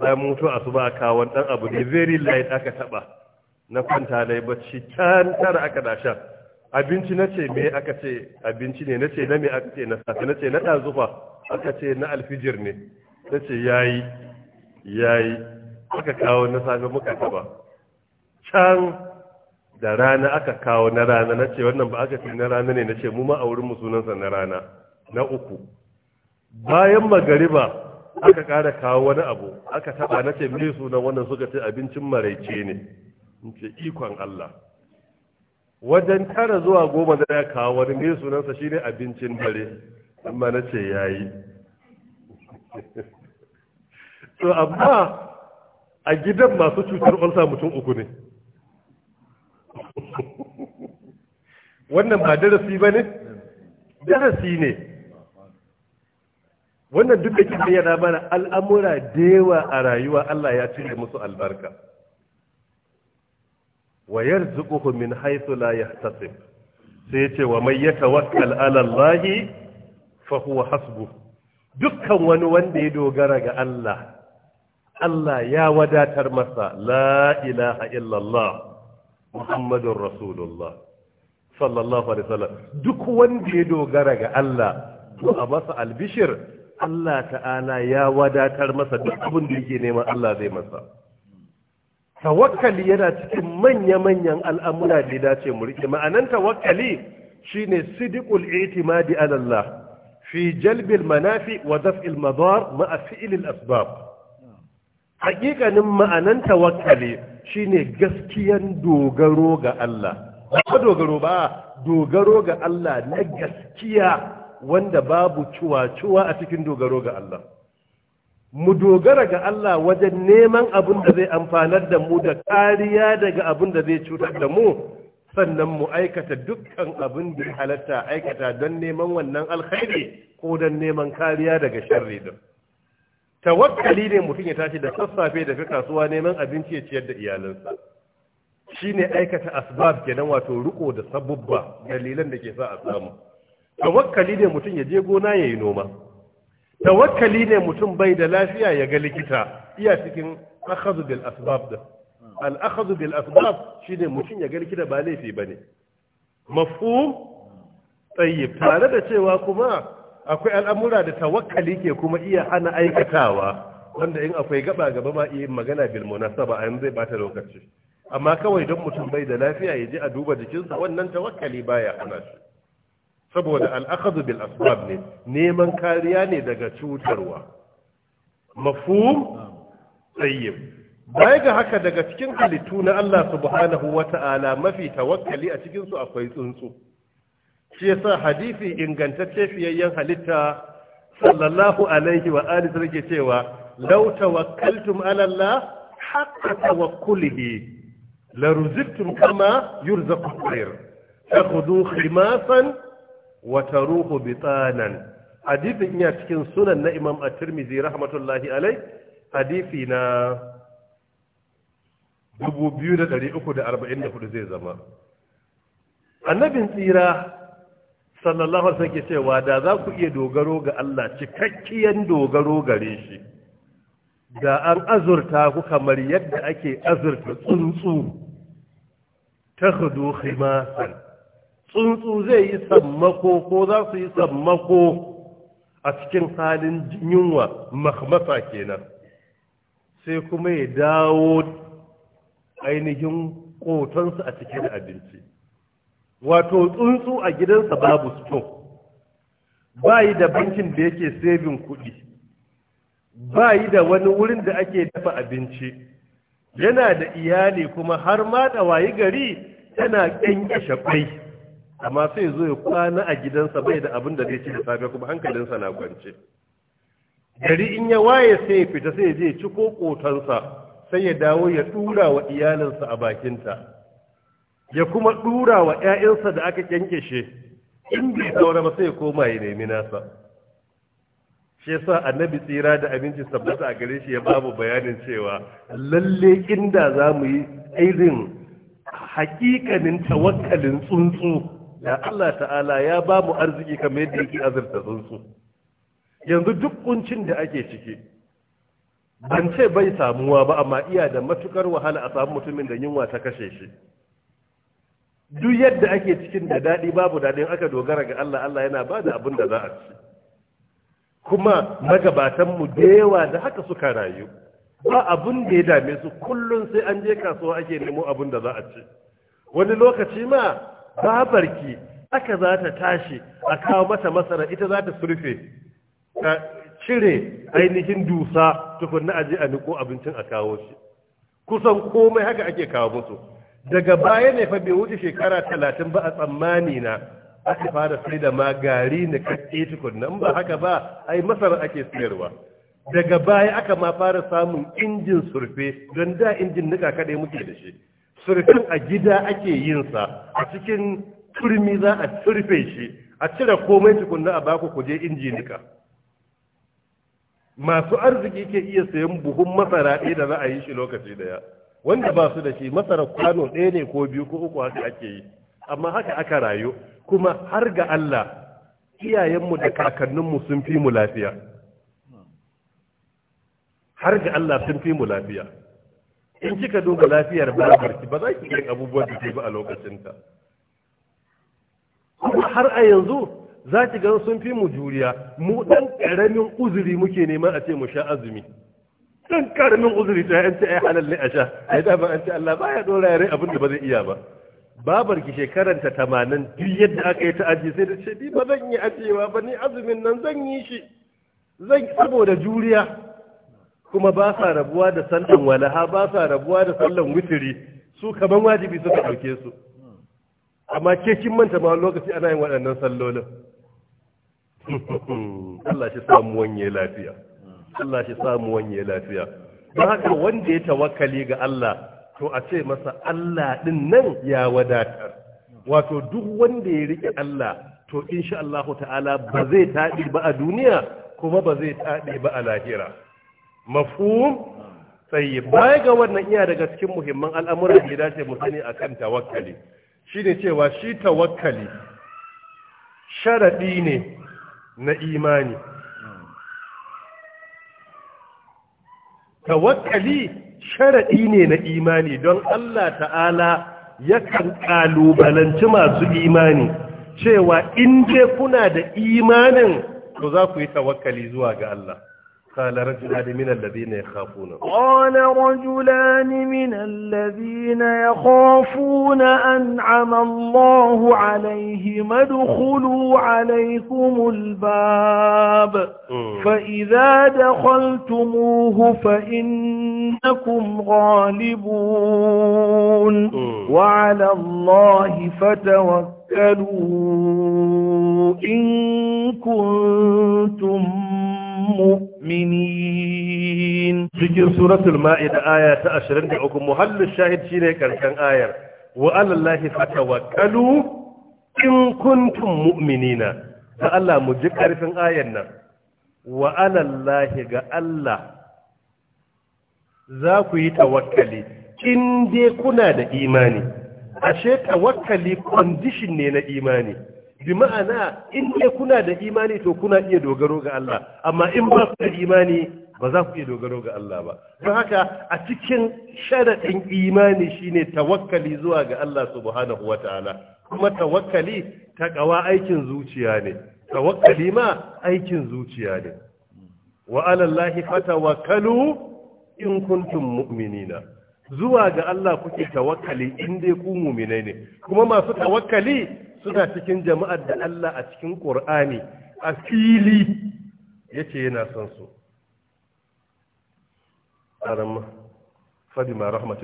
bayan mutu a su ba a kawon ɗan abu ne very light aka taɓa na kwanta dai bacci can tara aka dasha abinci na ce me aka ce abinci ne na ce na me aka ce na safe na ce na ɗazufa aka ce na alfijir ne na ce yayi yayi aka kawo na safe muka taba can da rana aka kawo na rana na ce wannan ba aka ce na rana ne na ce mu ma a wurin mu sunansa na rana na uku bayan magariba aka ƙara kawo wani abu aka taɓa na ce mai sunan wannan suka ce abincin maraice ne ce ikon Allah wajen tara zuwa goma da ya kawo wani ne sunansa shine abincin dare amma na ce ya yi. to amma a gidan masu cutar olsa mutum uku ne wannan ba darasi ba ne darasi ne wannan duk da kiran yana mana al'amura da a rayuwa Allah ya cire musu albarka wa yarzuquhu min haythu la yahtasib sai yace ce wa mai yatawakkal ala Allah fa huwa hasbu dukkan wani wanda ya dogara ga Allah Allah ya wadatar masa la ilaha illallah muhammadur rasulullah sallallahu alaihi wasallam duk wanda ya dogara ga Allah to a masa albishir Allah ta'ala ya wadatar masa duk abin da yake neman Allah zai masa tawakkali yana cikin manya-manyan al'amura da ya dace mu riƙe ma'anan tawakkali shine sidiqul itimadi ala fi jalbil manafi wa daf'il madar ma'a fi'lil asbab haƙiƙanin ma'anan tawakkali shine gaskiyan dogaro ga Allah ba dogaro ba dogaro ga Allah na gaskiya wanda babu cuwa-cuwa a cikin dogaro ga Allah mu dogara ga Allah wajen neman abin da zai amfanar da mu da kariya daga abin da zai cutar da mu sannan mu aikata dukkan abin da halatta aikata don neman wannan alkhairi ko don neman kariya daga sharri din tawakkali ne mutum ya tashi da sassafe da fi kasuwa neman abinci ya ciyar da iyalansa shine aikata asbab kenan wato riko da sabubba dalilan da ke sa a samu tawakkali ne mutum ya je gona ya yi noma tawakkali ne mutum bai da lafiya ya ga likita iya cikin akhadhu bil asbab da al akhadhu bil asbab shine mutum ya ga likita ba laifi bane mafhum tayyib tare da cewa kuma akwai al'amura da tawakkali ke kuma iya hana aikatawa wanda in akwai gaba gaba ma iya magana bil munasaba a zai bata lokaci amma kawai don mutum bai da lafiya ya je a duba jikinsa wannan tawakkali baya hana shi saboda al'akadu bil asbab ne neman kariya ne daga cutarwa mafhum tsayyib baya ga haka daga cikin halittu na Allah subhanahu wata'ala mafi tawakkali a cikin su akwai tsuntsu shi yasa hadisi ingantacce fiyayyen halitta sallallahu alaihi wa alihi sarki cewa law tawakkaltum ala Allah haqqa tawakkulihi la ruzqtum kama yurzaqu khair takhudhu khimasan wata ruhu bitsanan hadithin iya cikin sunan na imam a tirmidhi rahmatullahi alai hadithi na 2344 zai zama annabin tsira sallallahu alaihi wasallam ke cewa da za ku iya dogaro ga Allah cikakkiyan dogaro gare shi da an azurta ku kamar yadda ake azurta tsuntsu ta khimasan tsuntsu zai yi sammako ko za su yi sammako a cikin halin yunwa mahmasa kenan sai kuma ya dawo ainihin kotonsu a cikin abinci wato tsuntsu a gidansa babu sto ba yi da bankin da yake sabin kuɗi ba yi da wani wurin da ake dafa abinci yana da iyali kuma har ma da wayi gari yana ƙyanƙyashe kwai amma sai zo ya kwana a gidansa bai da abin da zai ci da safe kuma hankalinsa na kwance gari in ya waye sai ya fita sai ya je ci ko kotansa sai ya dawo ya dura wa iyalinsa a bakinta ya kuma dura wa ƴaƴansa da aka kyankyashe in bai saura ba sai ya koma ya nemi nasa shi yasa annabi tsira da abinci sabbata a gare shi ya babu bayanin cewa lalle inda za mu yi irin hakikanin tawakkalin tsuntsu da Allah ta'ala ya ba mu arziki kamar yadda yake azurta tsuntsu yanzu duk kuncin da ake ciki ban ce bai samuwa ba amma iya da matukar wahala a samu mutumin da yunwa ta kashe shi duk yadda ake cikin da daɗi babu daɗin aka dogara ga Allah Allah yana ba da abin da za a ci kuma magabatanmu da yawa da haka suka rayu ba abin da ya dame su kullum sai an je kasuwa ake nemo abin da za a ci wani lokaci ma babarki aka za ta tashi a kawo mata masara ita za ta surfe ka cire ainihin dusa tukunna je a niko abincin a kawo shi kusan komai haka ake kawo musu daga baya ne fa bai wuce shekara talatin ba a tsammani na aka fara sai da magari na kaɗe tukunnan ba haka ba ai masara ake sayarwa. daga baya aka ma fara samun injin surfe don da injin nika kaɗai muke da shi surfin a gida ake yin sa a cikin turmi za a turfe shi a cire komai tukunna a baku kuje injinika masu arziki ke iya sayan buhun masara ɗaya da za a yi shi lokaci daya wanda ba su da shi masara kwano ɗaya ne ko biyu ko uku haka ake yi amma haka aka rayu kuma har ga Allah iyayenmu da kakanninmu sun fi mu lafiya har ga Allah sun fi mu lafiya in kika duba lafiyar ki, ba za ki iya abubuwan da ke ba a lokacinta har a yanzu za ki gan sun fi mu juriya mu dan karamin uzuri muke neman a ce mu sha azumi dan karamin uzuri ta yan ce ai halal ne a sha ai da ba an ce Allah baya dora yare abin da ba zai iya ba babar ki shekaran ta 80 duk yadda aka yi ta aji sai ta ce ni ba zan yi ajewa ba ni azumin nan zan yi shi zan saboda juriya kuma ba sa rabuwa da sallan walaha ba sa rabuwa da sallan witiri su kaman wajibi suka ɗauke su amma ke kin manta ma lokaci ana yin waɗannan sallolin Allah shi samu wanye lafiya Allah shi samu wanye lafiya don haka wanda ya tawakkali ga Allah to a ce masa Allah din nan ya wadatar wato duk wanda ya rike Allah to insha Allah ta'ala ba zai taɗi ba a duniya kuma ba zai taɗi ba a lahira mafhum sai baya ga wannan iya daga cikin muhimman al'amuran da ya dace mu sani akan tawakkali shine cewa shi tawakkali sharadi ne na imani tawakkali sharadi ne na imani don Allah ta'ala ya yakan kalubalanci masu imani cewa in dai kuna da imanin to za ku yi tawakkali zuwa ga Allah قال رجلان من الذين يخافون قال رجلان من الذين يخافون أنعم الله عليهم ادخلوا عليكم الباب فإذا دخلتموه فإنكم غالبون وعلى الله فتوكلوا إن كنتم mu'minin cikin suratul ma'ida aya ta 23 muhallin shahid shine karshen ayar wa alallahi fatawakkalu in kuntum mu'minina da Allah mu ji karfin ayar nan wa alallahi ga Allah za ku yi tawakkali in dai kuna da imani ashe tawakkali condition ne na imani bi ma'ana in dai kuna da imani to kuna iya dogaro ga Allah amma in ba ku da imani ba za ku iya dogaro ga Allah ba don haka a cikin sharaɗin imani shine tawakkali zuwa ga Allah subhanahu wataala kuma tawakkali kawa aikin zuciya ne tawakkali ma aikin zuciya ne wa ala Allah fatawakkalu in kuntum mu'minina zuwa ga Allah kuke tawakkali in dai ku mu'minai ne kuma masu tawakkali suna cikin jama'ar da Allah a cikin Qur'ani a fili ce yana son su aramma فبما رحمة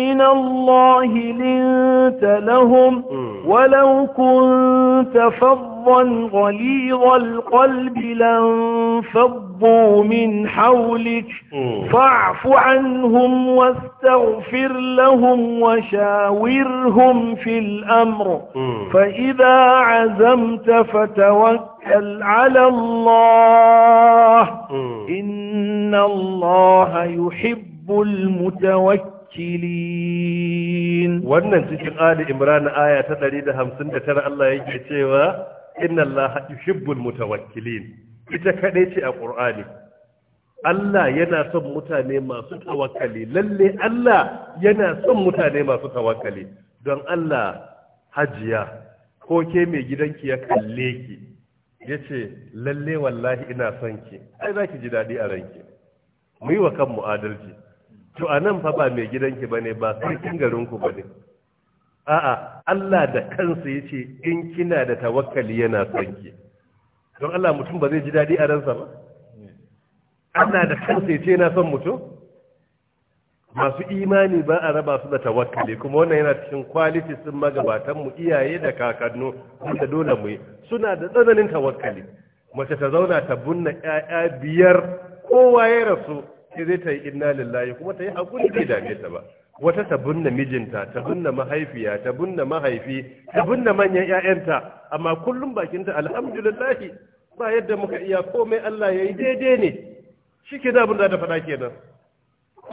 من الله لنت لهم ولو كنت فظا غليظ القلب لانفضوا من حولك فاعف عنهم واستغفر لهم وشاورهم في الأمر فإذا عزمت فتوكل على الله إن الله يحب المتوكل wakilin wannan cikin ali imran aya ta 159 Allah yake cewa inna allaha yuhibbul mutawakkilin ita kadai ce a qur'ani Allah yana son mutane masu tawakkali lalle Allah yana son mutane masu tawakkali don Allah hajiya ko ke mai gidanki ya kalle ki yace ce lalle wallahi ina son ki ai zaki ji daɗi a ranki mu wa kanmu adalci to anan fa ba mai gidanki ba ne ba garin garinku bane a'a Allah da kansa yace in kina da tawakkali yana son ki don Allah mutum ba zai ji daɗi a ransa ba Allah da kansa yace yana son mutum masu imani ba a raba su da tawakkali kuma wannan yana cikin kwaliti sun magabatan mu iyaye da kakannu da dole mu yi suna da tsananin tawakkali mace ta zauna ta bunna 'ya'ya biyar kowa ya rasu sai zai ta yi inna lillahi kuma ta yi hakuri bai dame ta ba wata ta binne mijinta ta binne mahaifiya ta binne mahaifi ta binne manyan ƴaƴanta amma kullum bakinta alhamdulillah ba yadda muka iya komai Allah ya yi daidai ne shike da da ta faɗa kenan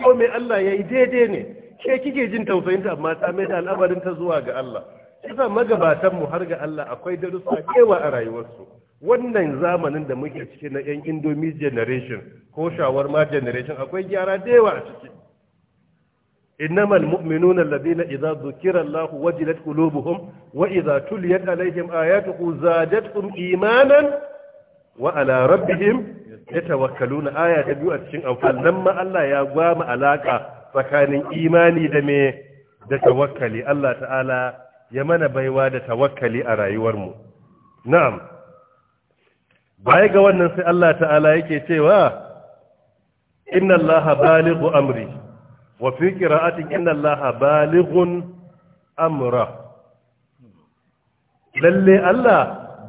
komai Allah yi daidai ne ke kike jin tausayinta amma ta mai da al'amarin ta zuwa ga Allah yasa magabatan mu har ga Allah akwai darussa kewa a rayuwarsu wannan zamanin da muke ciki na yan indomie generation ko shawarma generation akwai gyara da a ciki إنما المؤمنون الذين إذا ذكر الله وجلت قلوبهم وإذا تليت عليهم آياته زادتهم إيمانا وعلى ربهم يتوكلون آية تبيو أتشين أو فلما الله يقوام علاقة فكان إيماني دمي da tawakkali Allah ta'ala ya mana baiwa da tawakkali a rayuwarmu na'am baya ga wannan sai Allah ta'ala yake cewa inna allaha balighu amri wa fi qira'atin inna balighun amra lalle allah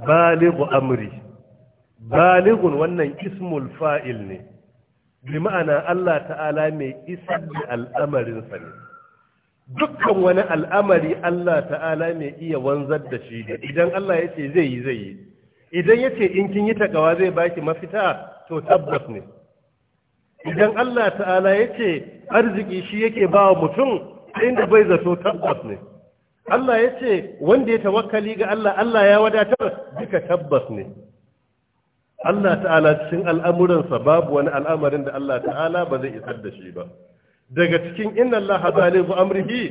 balighu amri balighun wannan ismul fa'il ne bi ma'ana Allah ta'ala mai isar da al'amarinsa ne dukkan wani al'amari Allah ta'ala mai iya wanzar da shi ne idan Allah ya ce zai yi zai yi idan ya ce in kin yi takawa zai baki mafita to tabbas ne idan Allah ta'ala ya ce arziki shi yake ba mutum inda bai zato tabbas ne Allah ya ce wanda ya tawakkali ga Allah Allah ya wadatar duka tabbas ne Allah ta'ala cikin al'amuransa babu wani al'amarin da Allah ta'ala ba zai isar da shi ba daga cikin inna Allah zalibu amrihi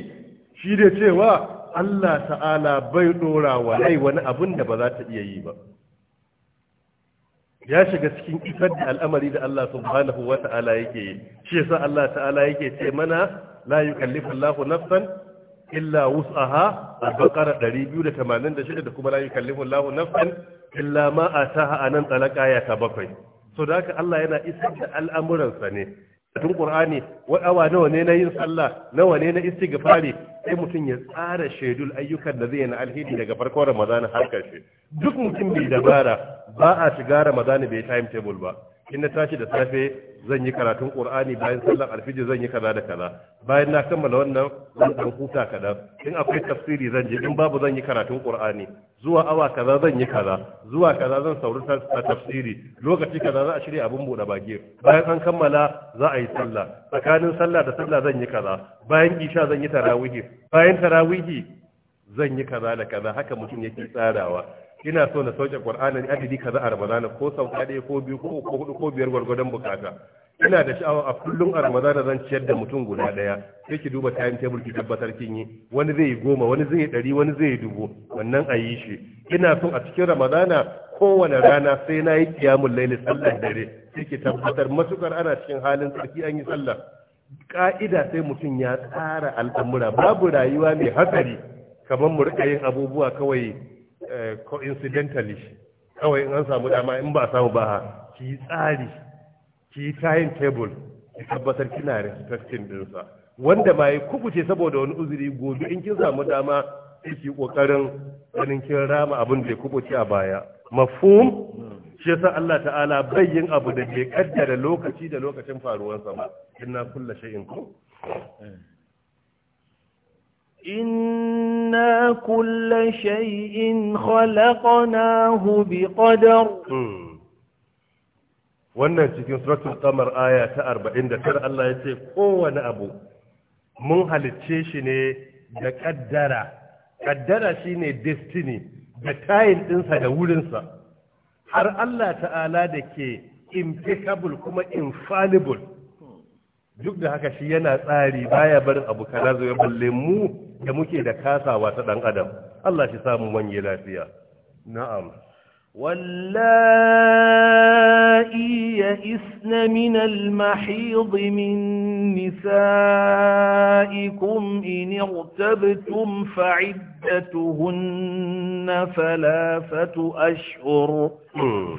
shi da cewa Allah ta'ala bai dora wa wani abin da ba za ta iya yi ba ya shiga cikin isar da al'amari da Allah subhanahu wa ta'ala yake yi shi yasa Allah ta'ala yake ce mana la yukallifu Allahu nafsan illa wus'aha a baqara 286 da kuma la yukallifu Allahu nafsan illa ma ataha anan talaka ya ta bakwai so da haka Allah yana isar da al'amuransa ne tun qur'ani awa nawa ne na yin sallah nawa ne na istighfari sai mutum ya tsara shedul ayyukan da zai yi na alheri daga farkon ramadana har karshe duk mutum bai dabara ba a shiga ramadana bai time table ba in na tashi da safe zan yi karatun qur'ani bayan sallar alfijir zan yi kaza da kaza bayan na kammala wannan zan dan huta kadan in akwai tafsiri zan je in babu zan yi karatun qur'ani zuwa awa kaza zan yi kaza zuwa kaza zan sauri tafsiri lokaci kaza za a shirya abin bude bage bayan an kammala za a yi sallah tsakanin sallah da sallah zan yi kaza bayan isha zan yi tarawihi bayan tarawihi zan yi kaza da kaza haka mutum yake tsarawa ina so na sauke qur'ani adadi kaza a ramadana ko sau ɗaya ko biyu ko hudu ko biyar gwargwadon bukata ina da sha'awa a kullum a ramadana zan ciyar da mutum guda ɗaya sai ki duba time table ki tabbatar kin yi wani zai yi goma wani zai yi ɗari wani zai yi dubu wannan ayi shi ina so a cikin ramadana kowane rana sai na yi kiyamun laili sallar dare sai ki tabbatar matukar ana cikin halin tsarki an yi sallah ka'ida sai mutum ya tsara al'amura babu rayuwa mai hatsari kamar mu rika yin abubuwa kawai Eh, coincidentally kawai in an samu dama in ba samu ba ki yi tsari ki yi time table ki tabbatar kina respecting dinsa wanda ma ya kubuce saboda wani uzuri gobe in kin samu dama ki kokarin ganin kin rama abin da ya kubuce a baya mafhum shi yasa Allah ta'ala bayyin abu da bai kaddara lokaci da lokacin faruwarsa ba inna kullu shay'in ko إنا كل شيء خلقناه بقدر hmm. wannan cikin suratul qamar aya ta 49 Allah ya ce kowane abu mun halicce shi ne da kaddara kaddara shine destiny da tayin dinsa da wurinsa har Allah ta'ala da ke impeccable kuma infallible duk da haka shi yana tsari baya barin abu kaza zai balle mu da muke da kasawa ta dan adam Allah shi samu wani lafiya na'am واللائي يئسن من المحيض من نسائكم إن ارتبتم فعدتهن ثلاثة أشهر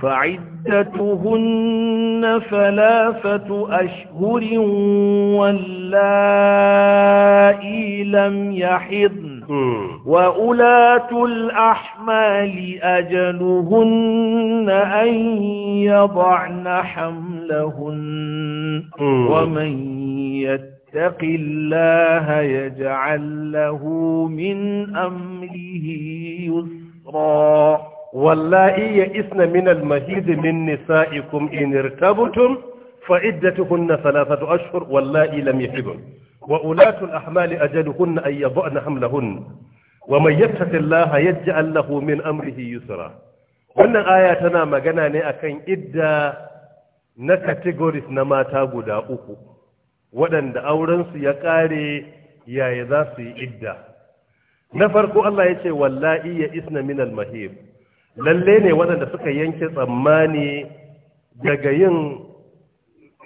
فعدتهن ثلاثة أشهر واللائي لم يحضن وأولاة الأحمال أجلهن أن يضعن حملهن ومن يتق الله يجعل له من أمره يسرا واللائي يئسن من المهيد من نسائكم إن ارتبتم فعدتهن ثلاثة أشهر واللائي لم يحبن wa ulatul ahmali ajaluhunna ay yadhna hamlahun wa man yattaqillaha yaj'al lahu min amrihi yusra wannan aya tana magana ne akan idda na categories na mata guda uku waɗanda aurensu ya ƙare yaya za su yi idda na farko Allah ya ce wallahi ya isna min al-mahib lalle ne waɗanda suka yanke tsammani daga yin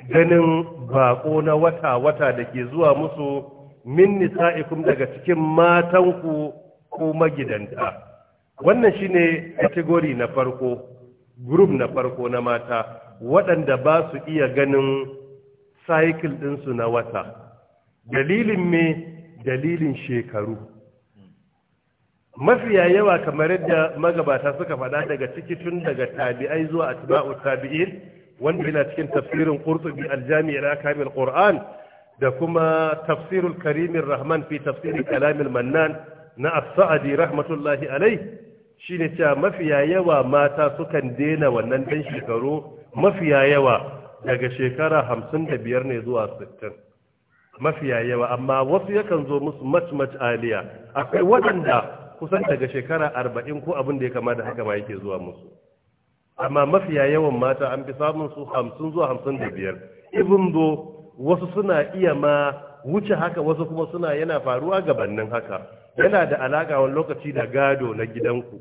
ganin baƙo na wata-wata da ke zuwa musu min nisa'ikum daga cikin matanku ko magidanta wannan shi ne kategori na farko group na farko na mata waɗanda ba su iya ganin saikil ɗinsu na wata dalilin me dalilin shekaru mafiya yawa kamar yadda magabata suka faɗa daga ciki tun daga tabi'ai zuwa atiba'u tabi'in wanda yana cikin tafsirin qurtubi al-jami' al quran da kuma tafsirul karim rahman fi tafsir kalam mannan na as-sa'di rahmatullahi alayh shine cewa mafiya yawa mata sukan dena wannan dan shekaru mafiya yawa daga shekara 55 ne zuwa 60 mafiya yawa amma wasu yakan zo musu much much aliya akwai waɗanda kusan daga shekara 40 ko abin da ya kama da haka ma yake zuwa musu amma mafiya yawan mata an fi samun su hamsin zuwa hamsin da biyar even do wasu suna iya ma wuce haka wasu kuma suna yana faruwa gabanin haka yana da alaka wani lokaci da gado na gidanku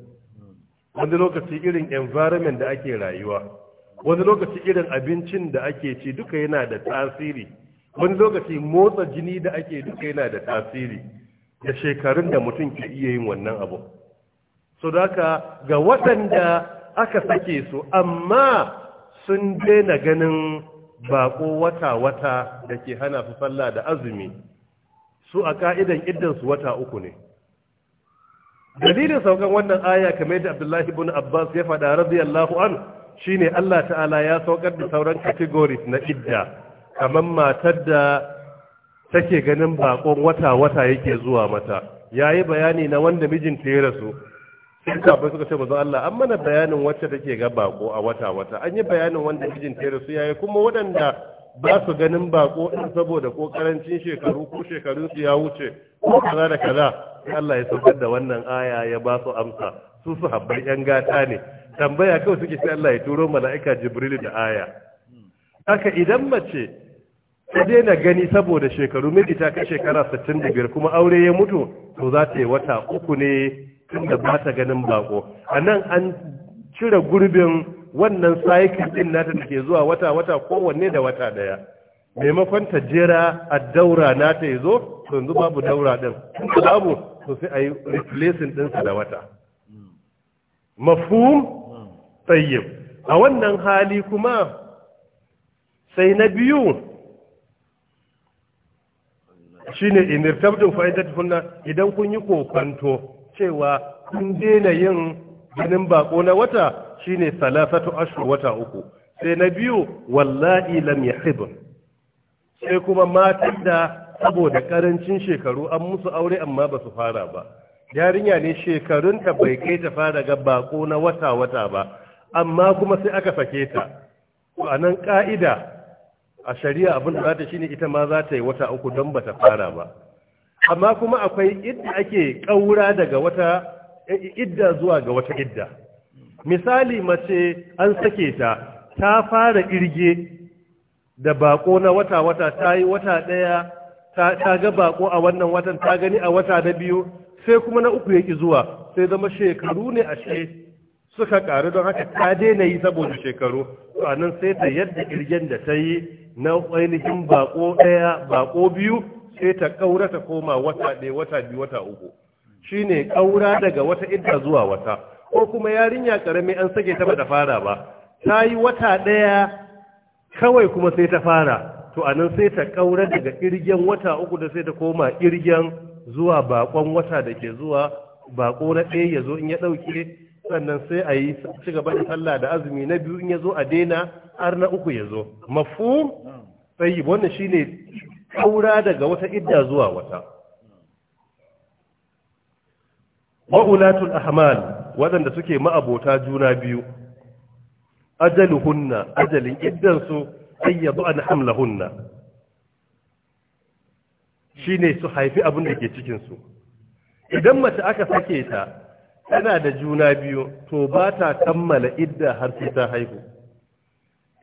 wani lokaci irin environment da ake rayuwa wani lokaci irin abincin da ake ci duka yana da tasiri wani lokaci motsa jini da ake duka yana da tasiri da shekarun da mutum ke iya yin wannan abu so da ga waɗanda aka sake su amma sun daina ganin bako wata-wata da ke hana su sallah da azumi su a ka'idan su wata uku ne dalilin saukan wannan aya kamar da abdullahi ibn abbas ya faɗa radiyallahu an shine allah ta'ala ya saukar da sauran categories na idda kamar matar da take ganin bakon wata-wata yake zuwa mata yayi bayani na wanda mijinta ya rasu sahabbai suka ce manzon Allah an mana bayanin wacce take ga bako a wata wata an yi bayanin wanda mijin ta rasu yayi kuma waɗanda ba su ganin bako din saboda ko shekaru ko shekarun su ya wuce ko kaza da kaza Allah ya saukar da wannan aya ya ba su amsa su su habbar yan gata ne tambaya kawai suke sai Allah ya turo mala'ika Jibril da aya haka idan mace ta daina gani saboda shekaru miji ta kai shekara 65 kuma aure ya mutu to za ta yi wata uku ne da ba ganin bako a nan an cire gurbin wannan cycle din nata da ke zuwa wata-wata kowanne da wata daya maimakon ta jera a daura nata ya zo to yanzu babu daura din babu to sai a yi replacing ɗinsa da wata mafum tsayyib a wannan hali kuma sai na biyu shine inirtabdun fa'idatu hunna idan kun yi kokanto cewa kun daina yin ganin bako na wata shine salasatu ashhur wata uku sai na biyu wallahi lam yahibun sai kuma matan da saboda karancin shekaru an musu aure amma ba su fara ba yarinya ne shekarun shekarunta bai kai ta fara ga bako na wata wata ba amma kuma sai aka sake ta a nan ka'ida a shari'a abin da za ta shine ita ma za ta yi wata uku don ba ta fara ba amma kuma akwai idda ake ƙaura daga wata idda zuwa ga wata idda misali mace an sake ta ta fara irge da bako na wata-wata ta yi wata ɗaya ta ga bako a wannan watan ta gani a wata da biyu sai kuma na uku yake zuwa sai zama shekaru ne a ashe suka karu don haka ta daina yi saboda shekaru To nan sai ta yadda irgen da ta yi na ainihin bako ɗaya bako biyu sai ta ƙaura ta koma wata ɗaya wata biyu wata uku Shi ne ƙaura daga wata idda zuwa wata ko kuma yarinya ƙarami an sake ta bata fara ba ta yi wata ɗaya kawai kuma sai ta fara to a nan sai ta ƙaura daga ƙirgen wata uku da sai ta koma ƙirgen zuwa baƙon wata da ke zuwa baƙo na ɗaya ya zo in ya ɗauke sannan sai a yi ci gaba da sallah da azumi na biyu in ya zo a daina har na uku ya zo mafu hmm. tsayi wannan shine kaura daga wata idda zuwa wata wa'ulatul ahmal waɗanda suke ma'abota juna biyu ajaluhunna ajalin iddansu ayyadu an hamlahunna shine su haifi abin da ke cikinsu idan mace aka sake ta tana da juna biyu to ba ta kammala idda har sai ta haihu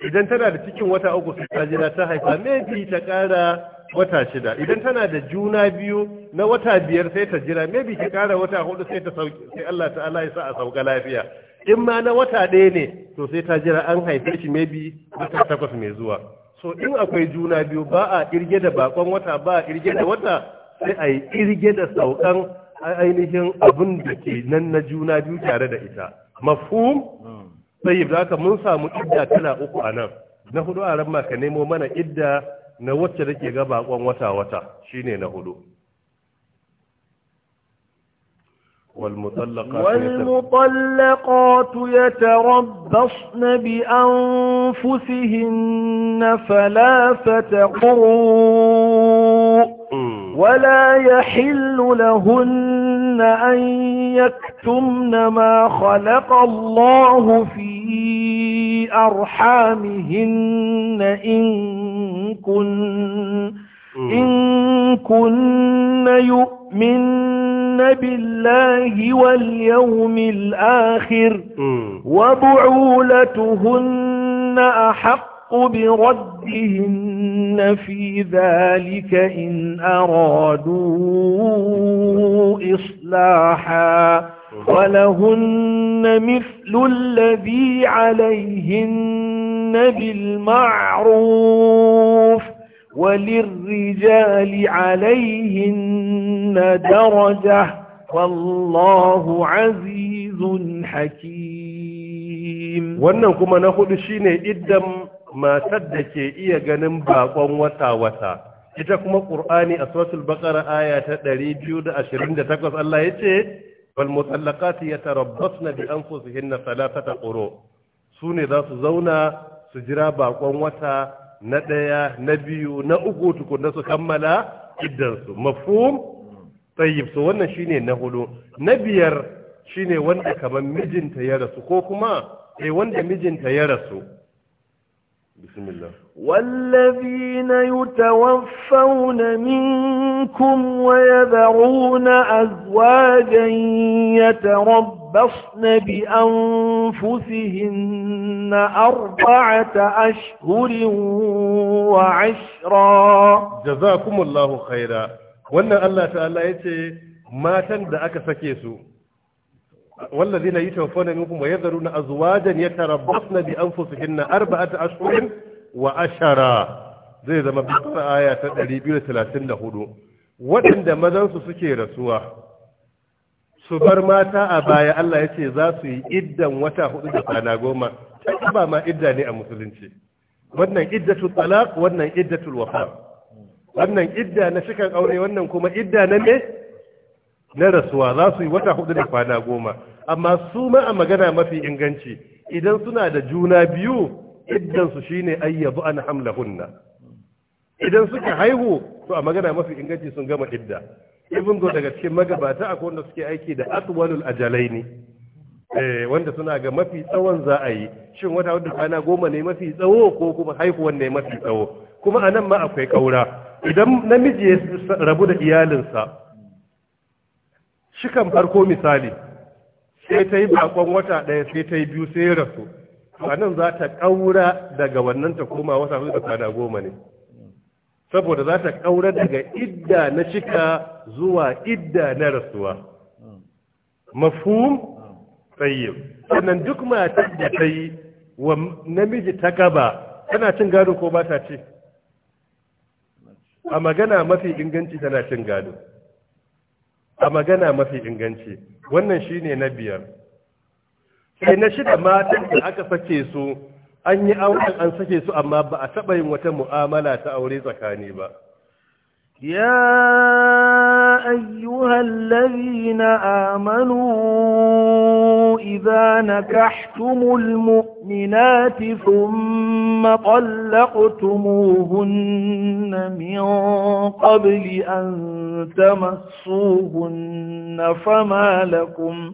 idan tana da cikin wata uku sai ta jira ta haifa maybe ta ƙara wata shida idan tana da juna biyu na wata biyar sai ta jira maybe ki kara wata hudu sai ta sauki sai Allah ta'ala ya sa a sauka lafiya in ma na wata ɗaya ne to sai ta jira an haife shi maybe wata takwas mai zuwa so in akwai juna biyu ba a kirge da bakon wata ba a kirge da wata sai a yi kirge da saukan ainihin abun da ke nan na juna biyu tare da ita mafhum sai hmm. da haka mun samu idda kala uku anan, na hudu a ran ma ka nemo mana idda na wacce da ke ga bakon wata-wata shine na hudu والمطلقات, والمطلقات يتربصن بأنفسهن فلا قروء ولا يحل لهن أن يكتمن ما خلق الله فيه أرحامهن إن كن إن كن يؤمن بالله واليوم الآخر وبعولتهن أحق بردهن في ذلك إن أرادوا إصلاحا ولهن مثل الذي عليهن بالمعروف وللرجال عليهن درجة والله عزيز حكيم wannan kuma na hudu shine iddan matar da ke iya ganin baƙon wata wata ita kuma ƙur'ani a suratul baqara aya ta 228 Allah yace wal mutallaqati na bi anfusihinna thalathata su ne za su zauna su jira bakon wata na ɗaya na biyu na uku tukunna su kammala iddan su mafhum so wannan ne na hudu na biyar shine wanda kamar mijinta ya rasu ko kuma eh wanda mijinta ya rasu بسم الله والذين يتوفون منكم ويذرون أزواجا يتربصن بأنفسهن أربعة أشهر وعشرا جزاكم الله خيرا وأن الله تعالى يتي ما تندأك سكيسو والذين يتوفون منكم ويذرون أزواجا يتربصن بأنفسهن أربعة أشهر وأشرا zai zama bakara aya ta 234 waɗanda mazansu suke rasuwa su bar mata a baya Allah ya ce za su yi iddan wata hudu da kwana goma ta ba ma idda ne a musulunci wannan iddatu talaq wannan iddatul wafa wannan idda na shikan aure wannan kuma idda na me na rasuwa za su yi wata hudu da kwana goma amma su ma a magana mafi inganci idan suna da juna biyu iddansu su shine ayyabu an hamlahunna idan suka haihu to a magana mafi inganci sun gama idda ibn go daga cikin magabata akwai wanda suke aiki da atwalul ajalaini eh wanda suna ga mafi tsawon za a yi shin wata wadda kwana goma ne mafi tsawo ko kuma haihuwan ne mafi tsawo kuma anan ma akwai kaura idan namiji ya rabu da iyalinsa shikan farko misali sai ta yi bakon wata ɗaya sai ta yi biyu sai ya rasu a nan za ta ƙaura daga wannan ta koma wata hudu kwana goma ne saboda za ta ƙaura daga idda na cika zuwa idda na rasuwa mafhum tsayyib sannan duk mata da ta yi wa namiji ta gaba tana cin gado ko ba ta ce a magana mafi inganci tana cin gado a magana mafi inganci wannan shine na biyar sai na shida matan da aka sake su an yi auren an sake su amma ba a taɓa yin wata mu'amala ta aure tsakani ba يا أيها الذين آمنوا إذا نكح نَكَحْتُمُ الْمُؤْمِنَاتِ ثُمَّ طَلَّقْتُمُوهُنَّ مِنْ قَبْلِ أَنْ تَمَسُّوهُنَّ فَمَا لَكُمْ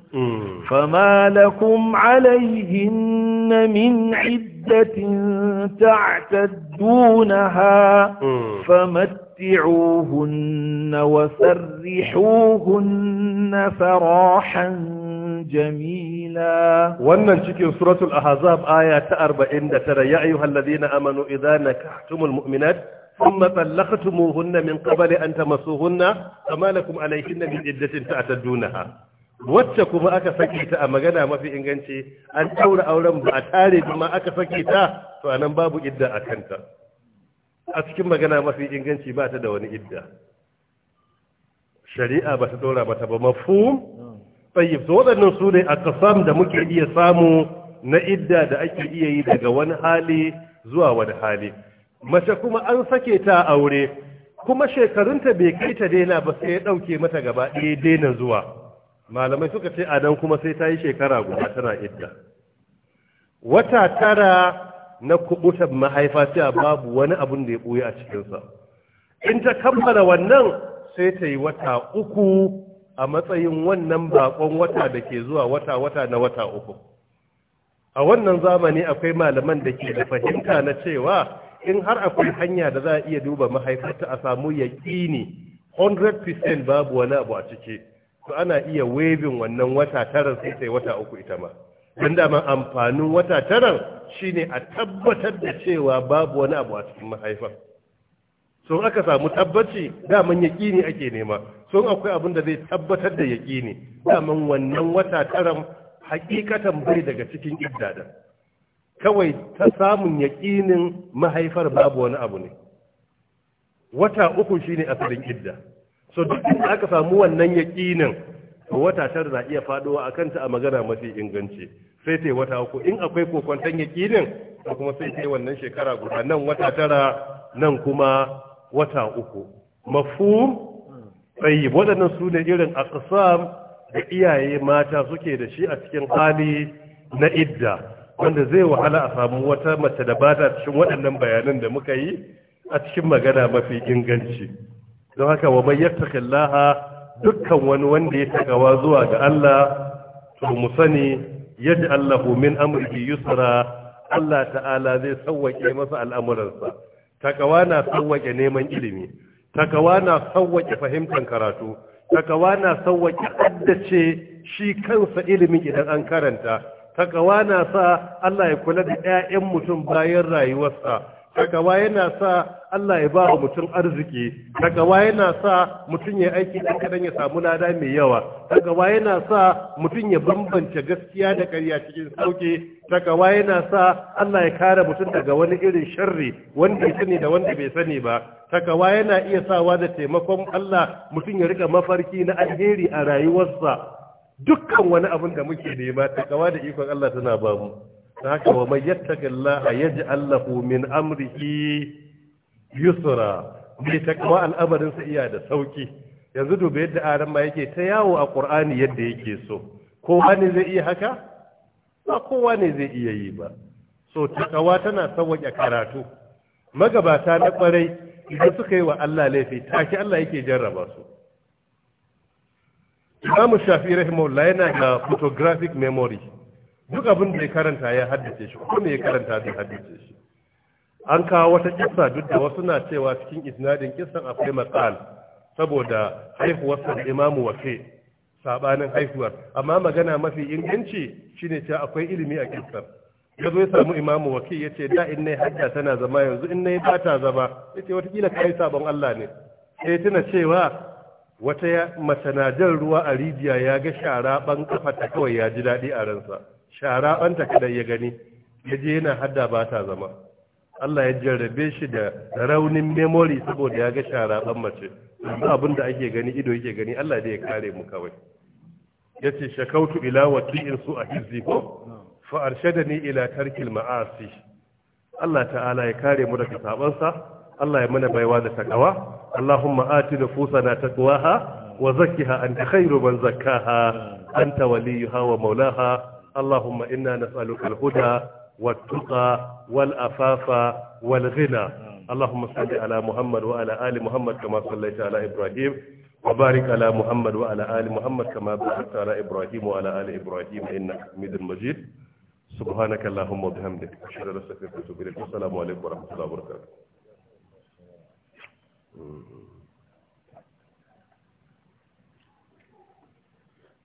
فَمَا لَكُمْ عَلَيْهِنَّ مِنْ عِدَّةٍ تَعْتَدُّونَهَا فَمَتِّعُوهُنَّ وسرحوهن فراحا جميلا wannan cikin suratul ahzab aya ta 49 ya ayyuhal ladina amanu idza nakahtumul mu'minat thumma talaqtumuhunna min qabli an tamassuhunna fama lakum alayhinna min iddatin ta'tadunaha wacce kuma aka saki ta a magana mafi inganci an daura auren ba a tare kuma aka saki ta to anan babu idda a kanta a cikin magana mafi inganci ba ta da wani idda shari'a ba ta dora mata ba mafhum tsayyib to waɗannan su ne a kasam da muke iya samu na idda da ake iya yi daga wani hali zuwa wani hali mace kuma an sake ta aure kuma shekarunta bai kai ta daina ba sai ya ɗauke mata gaba ɗaya daina zuwa malamai suka ce a kuma sai ta yi shekara guda tana idda wata tara na kubuta mahaifa a babu wani abun da ya ɓoye a cikinsa in ta kammala wannan sai ta yi wata uku a matsayin wannan bakon wata da ke zuwa wata-wata na wata uku a wannan zamani akwai malaman da ke da fahimta na cewa in har akwai hanya da za a iya duba mahaifarta a samu yaƙini 100% babu wani abu a ciki to ana iya webin wannan wata tara sai sai wata uku ita ma don daman amfanin wata tara shine a tabbatar da cewa babu wani abu a cikin mahaifar sun aka samu tabbaci daman yaƙini ake nema sun akwai abin da zai tabbatar da yaƙini daman wannan wata taran hakikatan bai daga cikin iddada kawai ta samun yaƙinin mahaifar babu wani abu ne wata uku shine asalin idda so duk da aka samu wannan yaƙinin wata tara na iya faɗowa a ta a magana mafi inganci sai ta wata uku in akwai kokwanton yaƙinin to kuma sai ta wannan shekara guda nan wata tara nan kuma wata uku mafhum tsayi waɗannan su ne irin aqsam da iyaye mata suke da shi a cikin hali na idda wanda zai wahala a samu wata mace da ba ta cikin waɗannan bayanan da muka yi a cikin magana mafi inganci don haka wa man yattaqillaha dukkan wani wanda ya tagawa zuwa ga Allah to mu sani yaj'al lahu min amrihi yusra Allah ta'ala zai sauwake masa al'amuransa takawa na sauwake neman ilimi takawa na sauwake fahimtar karatu takawa na sauwake addace shi kansa ilimi idan an karanta takawa na sa Allah ya kula da 'ya'yan mutum bayan rayuwarsa takawa yana sa Allah ya ba wa mutum arziki takawa yana sa mutum ya aiki ɗan kaɗan ya samu lada mai yawa takawa yana sa mutum ya bambance gaskiya da ƙarya cikin sauƙi takawa yana sa Allah ya kare mutum daga wani irin sharri wanda ya sani da wanda bai sani ba takawa yana iya sawa da taimakon Allah mutum ya rika mafarki na alheri a rayuwarsa dukkan wani abin da muke nema takawa da ikon Allah tana ba mu haka wa mai yadda yattaqillaha yaj'al allahu min amrihi yusra mai takwa al'amarin sa iya da sauki yanzu duba yadda aran ma yake ta yawo a qur'ani yadda yake so kowa ne zai iya haka ba kowa ne zai iya yi ba so takawa tana sauƙaƙe karatu magabata na ƙwarai idan suka yi wa Allah laifi take Allah yake jarraba su Imam Shafi rahimahullah yana da photographic memory duk abin da ya karanta ya haddace shi ko me ya karanta zai haddace shi an kawo wata kissa duk da wasu na cewa cikin isnadin kissan akwai maqal saboda haihuwar sa imamu wafe sabanin haihuwar amma magana mafi inganci shine cewa akwai ilimi a kissar ya zo ya samu imamu waki yace, ce da in nai hadda tana zama yanzu in nai ba ta zama ya ce watakila ka sabon Allah ne sai tana cewa wata mace na jan ruwa a rijiya ya ga shara ban kafa ta kawai ya ji daɗi a ransa shara banta kaɗai ya gani ya je yana hadda ba ta zama Allah ya jarrabe shi da raunin memory saboda ya ga shara ban mace abin da ake gani ido yake gani Allah da ya kare mu kawai ya ce shakautu ila wakilin su a hizzi fa ne ila tarkil ma'asi Allah ta'ala ya kare mu daga sabansa Allah ya mana baiwa da takawa Allahumma ati nufusana taqwaha wa zakkiha anta khayru man zakkaha anta waliyuha wa maulaha اللهم إنا نسألك الهدى والتقى والأفاف والغنى اللهم صل على محمد وعلى آل محمد كما صليت على إبراهيم وبارك على محمد وعلى آل محمد كما باركت على إبراهيم وعلى آل إبراهيم إنك حميد مجيد سبحانك اللهم وبحمدك أشهد أن لا إله إلا أنت أستغفرك وأتوب إليك السلام عليكم ورحمة الله وبركاته